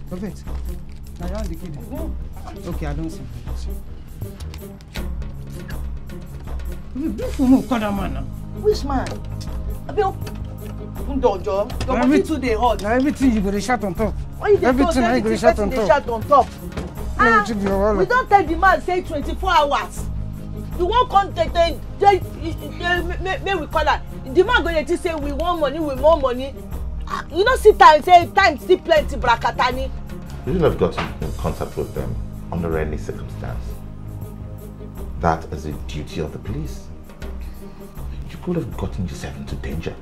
Prophet, now you the kid. Okay, I don't see. You be for more quarter man. Which man? Abi o. Ndojo. Your body too hot. Now everything you go dey shout on top. Why you dey everything I go dey shout on top. Ah, we don't tell the man say 24 hours. You wan come tell tell make we call am. The man go dey think say we want money, we want money. You know, sit down and say, time still plenty, Brakatani. You should have gotten in contact with them under any circumstance. That is the duty of the police. You could have gotten yourself into danger.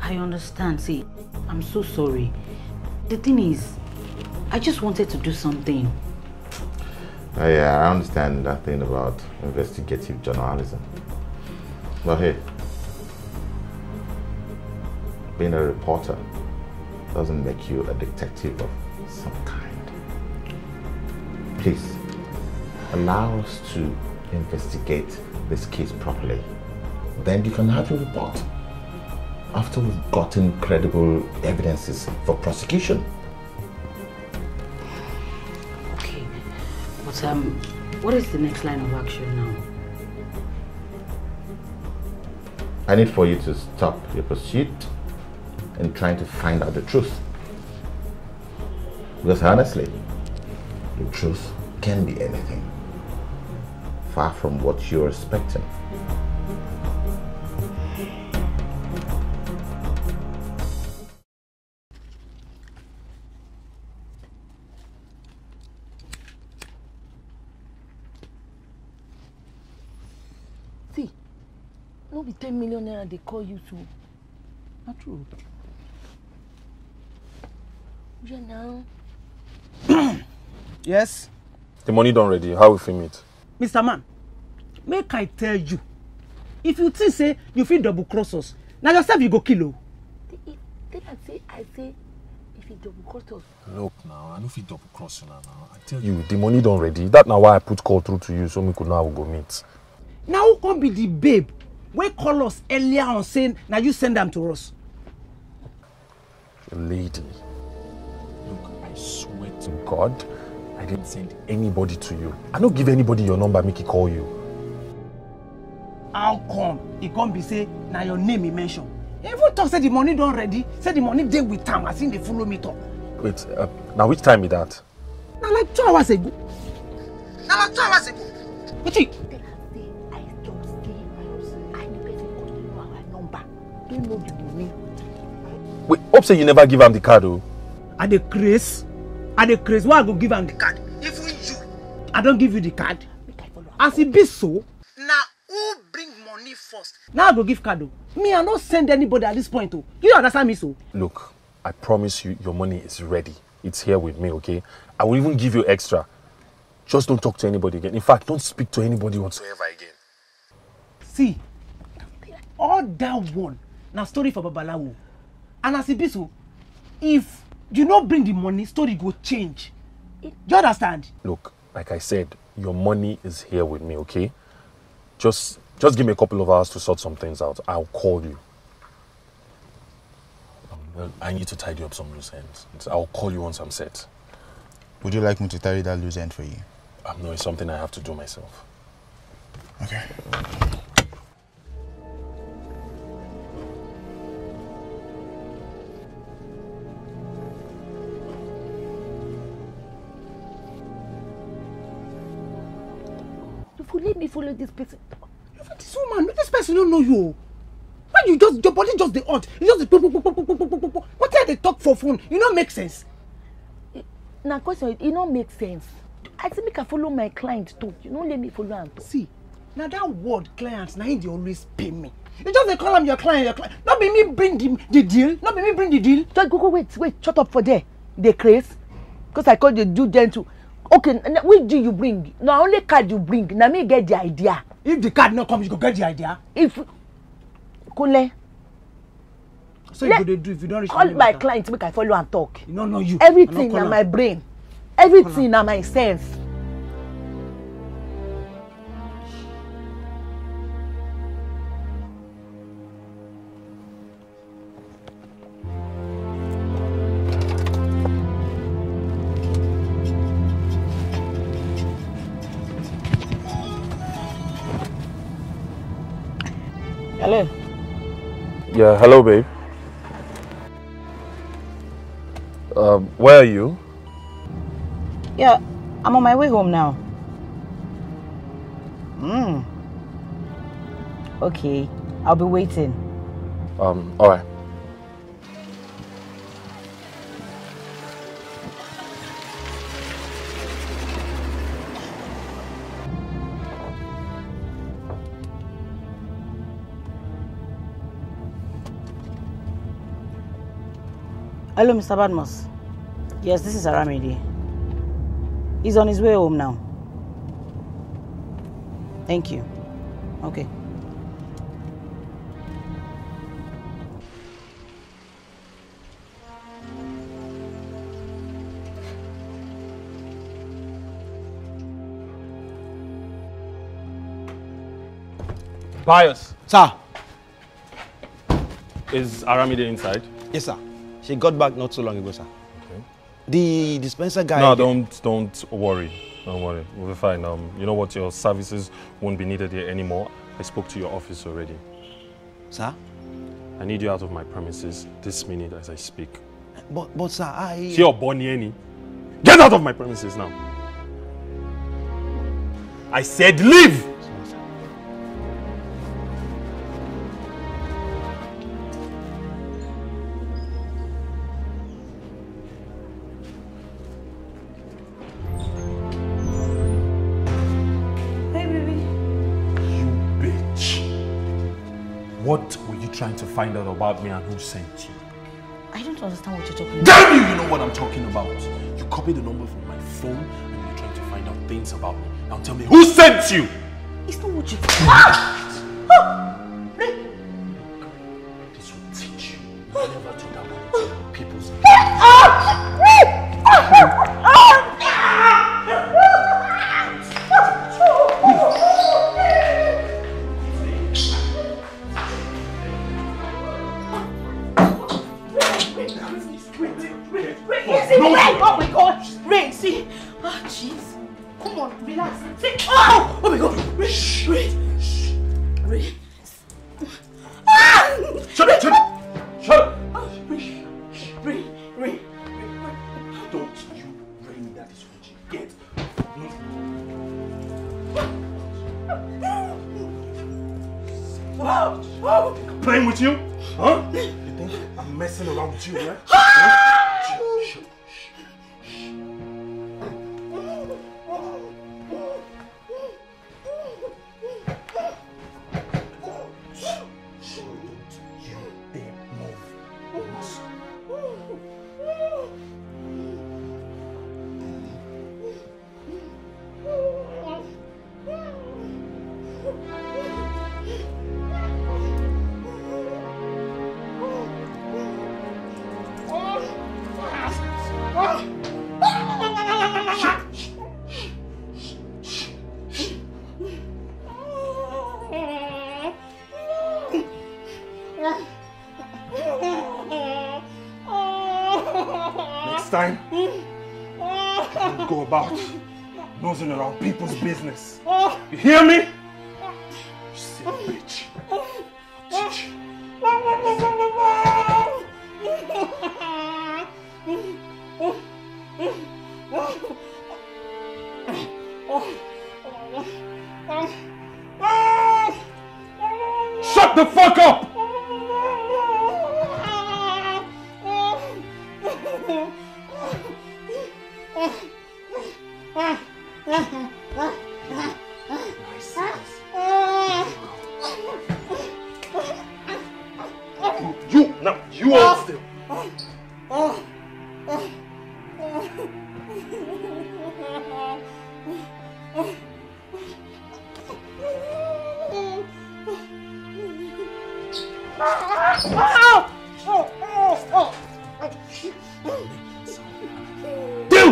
I understand. See, I'm so sorry. The thing is, I just wanted to do something. Oh yeah, I understand that thing about investigative journalism. But hey, being a reporter doesn't make you a detective of some kind. Please, allow us to investigate this case properly. Then you can have your report after we've gotten credible evidences for prosecution. Okay, but um, what is the next line of action now? I need for you to stop your pursuit in trying to find out the truth. Because honestly, the truth can be anything, far from what you're expecting. See, no be 10 million naira they call you to. Not true. Yeah, now. *coughs* yes? The money done ready. How we film it, Mr. Man, make I tell you. If you think say you feel double cross us, na yourself you go kill o. Then I say I say if you double cross us. Look now, I no feel double cross una now. I tell you, the money done ready. That now why I put call through to you so we could now go meet. Now who can be the babe We call us earlier on saying now you send them to us? Lady to God. I didn't send anybody to you. I don't give anybody your number make he call you. How come e come be say now your name he mention? Even talk say the money don ready, say the money day with time. I im they follow me talk. Wait, uh, na which time is that? Now like two hours ago. Na like two hours ago. Wetin? The Wait, hope say you never give him the card o. Oh. I the grace i dey craze why i go give am the card even you i don't give you the card as e be so na who bring money first now i go give card o me i no send anybody at this point o you understand me so. look i promise you your money is ready it's here with me okay i will even give you extra just don't talk to anybody again in fact don't speak to anybody whatsoever again. see all that one Now, story for babalawo and as e be so if you not bring the money story go change do you understand. look like i said your money is here with me okay just just give me a couple of hours to sort some things out i'll call you um, i need to tidy up some loose ends i'll call you once i'm set would you like me to tidy that loose end for you um, no it's something i have to do myself okay for let me follow this person even this woman this person don't know you Why you just your body just the hot you just dey kpokpo kpokpo kpokpo talk for phone e no make sense. Now question It no make sense i say make i follow my client too you don't let me follow him too. see now that word client now they always pay me you just they call him your client your client Not be me bring the the deal Not be me bring the deal. just go go wait wait shut up for there They craze because i call dey do too okay na which do you bring na only card you bring na me get the idea. if the card no come you go get the idea. if kunle. so Let, you go dey do if you don reach call my client make i follow am talk. No, no you everything na my brain everything na my sense. Hello. Yeah, hello, babe. Um, where are you? Yeah, I'm on my way home now. Hmm. Okay, I'll be waiting. Um, alright. Hello, Mr. Badmus. Yes, this is Aramidi. He's on his way home now. Thank you. Okay. Bios. Sir. Is Aramide inside? Yes, sir. She got back not so long ago, sir. Okay. The dispenser guy... No, don't, don't worry. Don't worry. We'll be fine. Um, you know what? Your services won't be needed here anymore. I spoke to your office already. Sir? I need you out of my premises this minute as I speak. But, but sir, I... See your Bonieni. Get out of my premises now. I said leave! find out about me and who sent you. I don't understand what you're talking about. Damn you, you know what I'm talking about. You copied the number from my phone and you're trying to find out things about me. Now tell me who sent you? It's not what you... *laughs* Ah!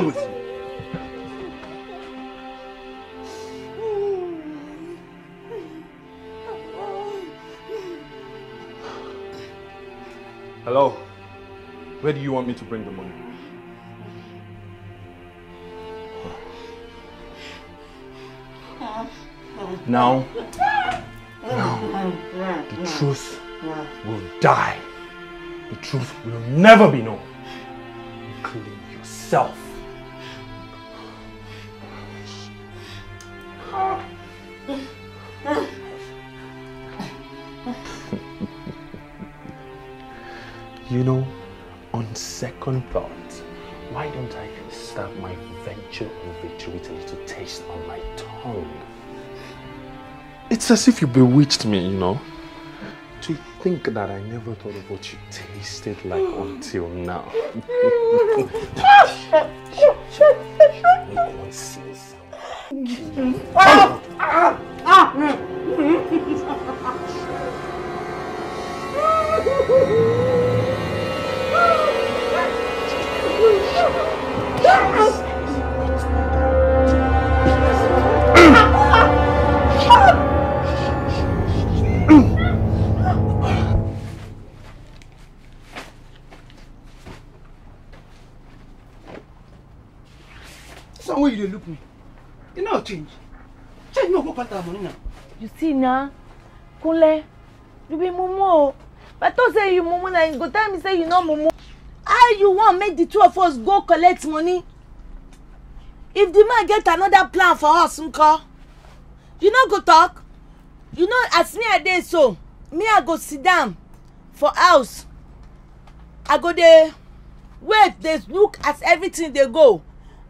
with you? Hello? Where do you want me to bring the money? Now, now, the truth will die. The truth will never be known, including yourself. You know, on second thought, why don't I start my venture of victory with a little taste on my tongue? It's as if you bewitched me, you know. To think that I never thought of what you tasted like until now. *laughs* *laughs* me say you know, mumu how you wan make the two of us go collect money if the man get another plan for us nko you no go talk you know as me i dey so me i go sit down for house i go dey wait dey look as everything dey go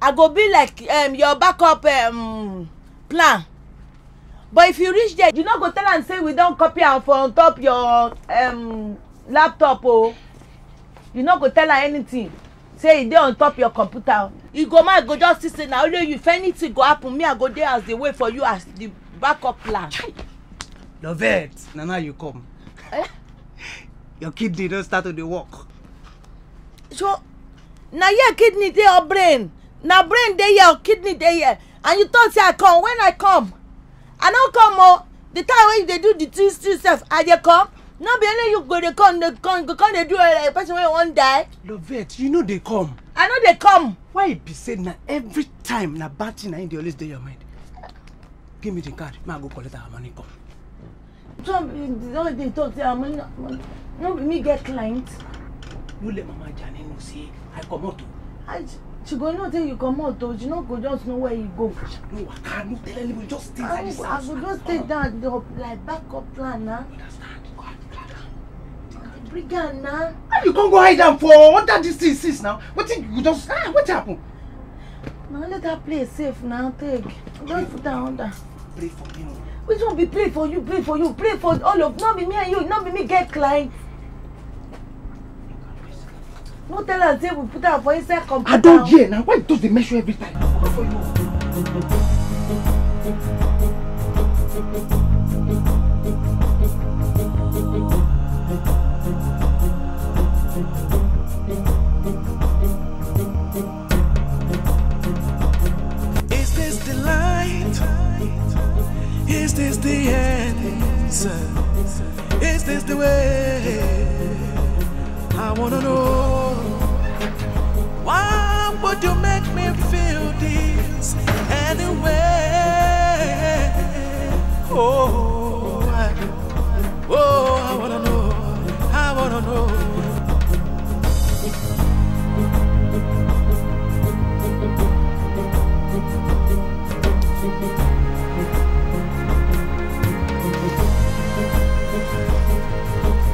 i go be like um, your backup um, plan but if you reach there you no go tell am say we don copy am for on top your um, laptop o. Oh you no go tell her anything say e dey on top your computer e go mind go just see say na only you if anything go happen me i go dey as dey wait for you as the backup plan. lovette na now you come eh? *laughs* your kidney don start to dey work. so na here kidney dey your brain na brain dey here kidney dey here and you talk say i come when i come i no come o oh. the time wey you dey do the things to yourself i dey come no be only you go dey come dey come go come dey do uh, person wey wan die. lovette you no dey come. i no dey come. why e be say na every time na bad thing na im dey always dey your mind give me the card make i go collect our money come. some don dey talk say our money no be me get client. no let mama jane know say i comot o. Oh. she go know say you comot o oh. she no go just know where you go. no waka no tell anybody just stay inside this house. i go just stay down like backup plan na. Ah. understand freegan na how ah, you come go hide them for What that this thing since now What wetin you just ah what happened? Now let that place safe Now take Don't put that under. pray for me o. Oh. which one be pray for you pray for you pray for all of Not be me and you Not be me get client. no tell am say we put am for inside computer. i don hear Now why you they measure every time. this the answer? Is this the way? I wanna know. Why would you make me feel this anyway? Oh, oh, I wanna know. I wanna know.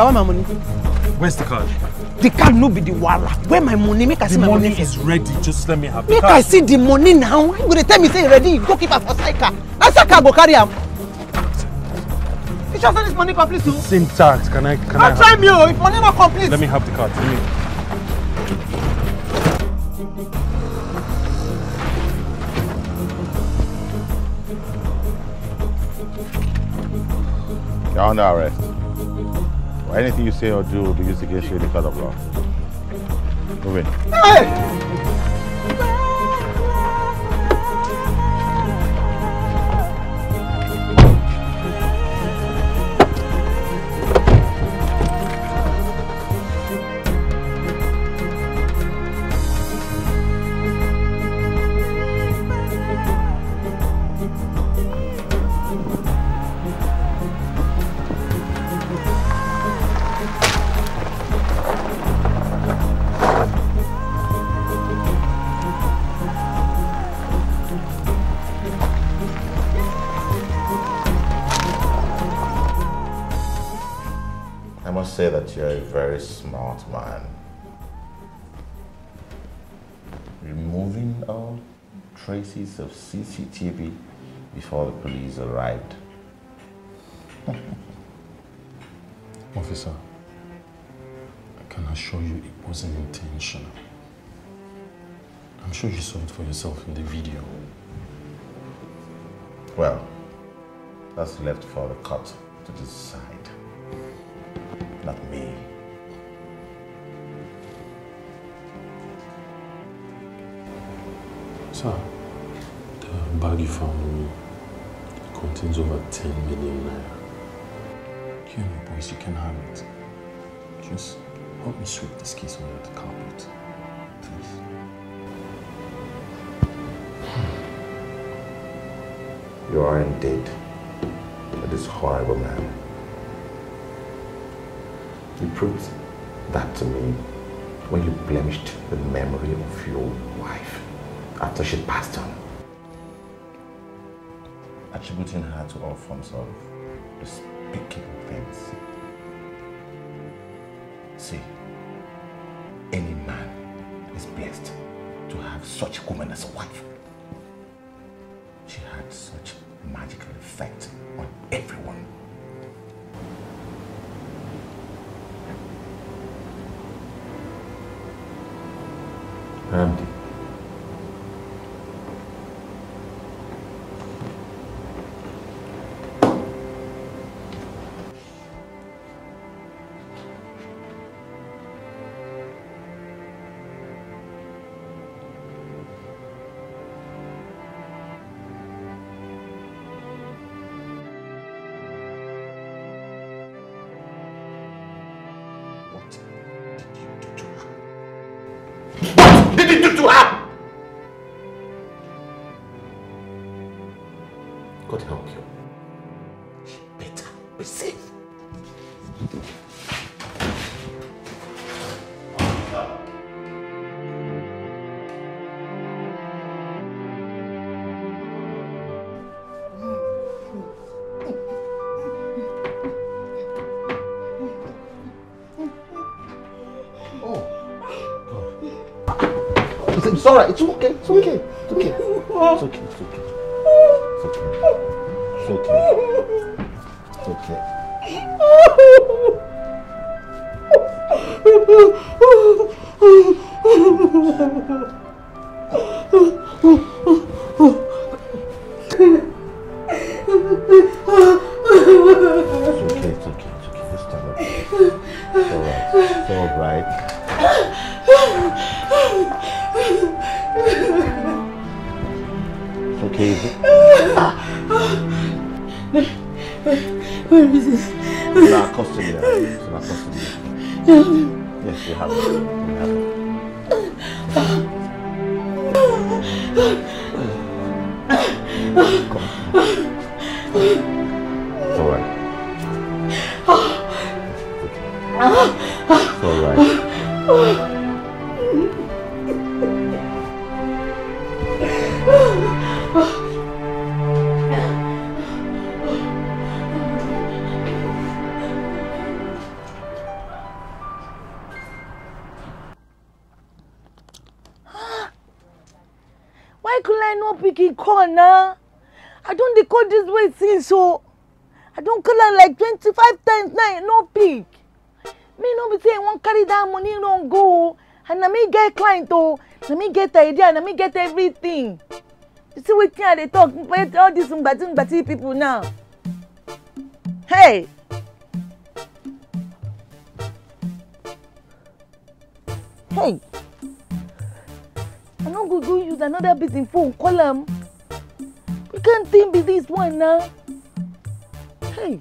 I want my money. Where's the card? The card no be the wallet. Where my money? Make I see the my money. The money is ready. Just let me have the Make card. Make I see the money now. Why go dey tell me say ready? Go keep am for Saika. Na car go carry him. You sure say this money complete too? Same tax. Can I? Can I'll I? try me oh. If money not complete. Let me have the card. Let me. You're on that, right? or anything you say or do will be used against you in the court of law. Move in. Hey! piece of CCTV before the police arrived. *laughs* Officer, I can assure you it wasn't intentional. I'm sure you saw it for yourself in the video. Well, that's left for the cops to decide. Not me. Sir bag you found on me contains over 10 million naira. Kill me, boys, you can have it. Just help me sweep this case under the carpet. Please. You are indeed a horrible man. You proved that to me when you blemished the memory of your wife after she passed on attributing her to all forms of despicable things. See, any man is blessed to have such a woman as a wife. She had such magical effect on everyone. Ramdi. it's, it's all right. It's okay. It's okay. It's okay. It's okay. It's okay. It's okay. It's okay. It's okay. It's okay. money don go and na me get client o na me get idea na me get everything you see wetin i dey talk wait all these ngbati ngbati people now hey. hey I'm not going to use another business phone call am we can't think be this one now hey.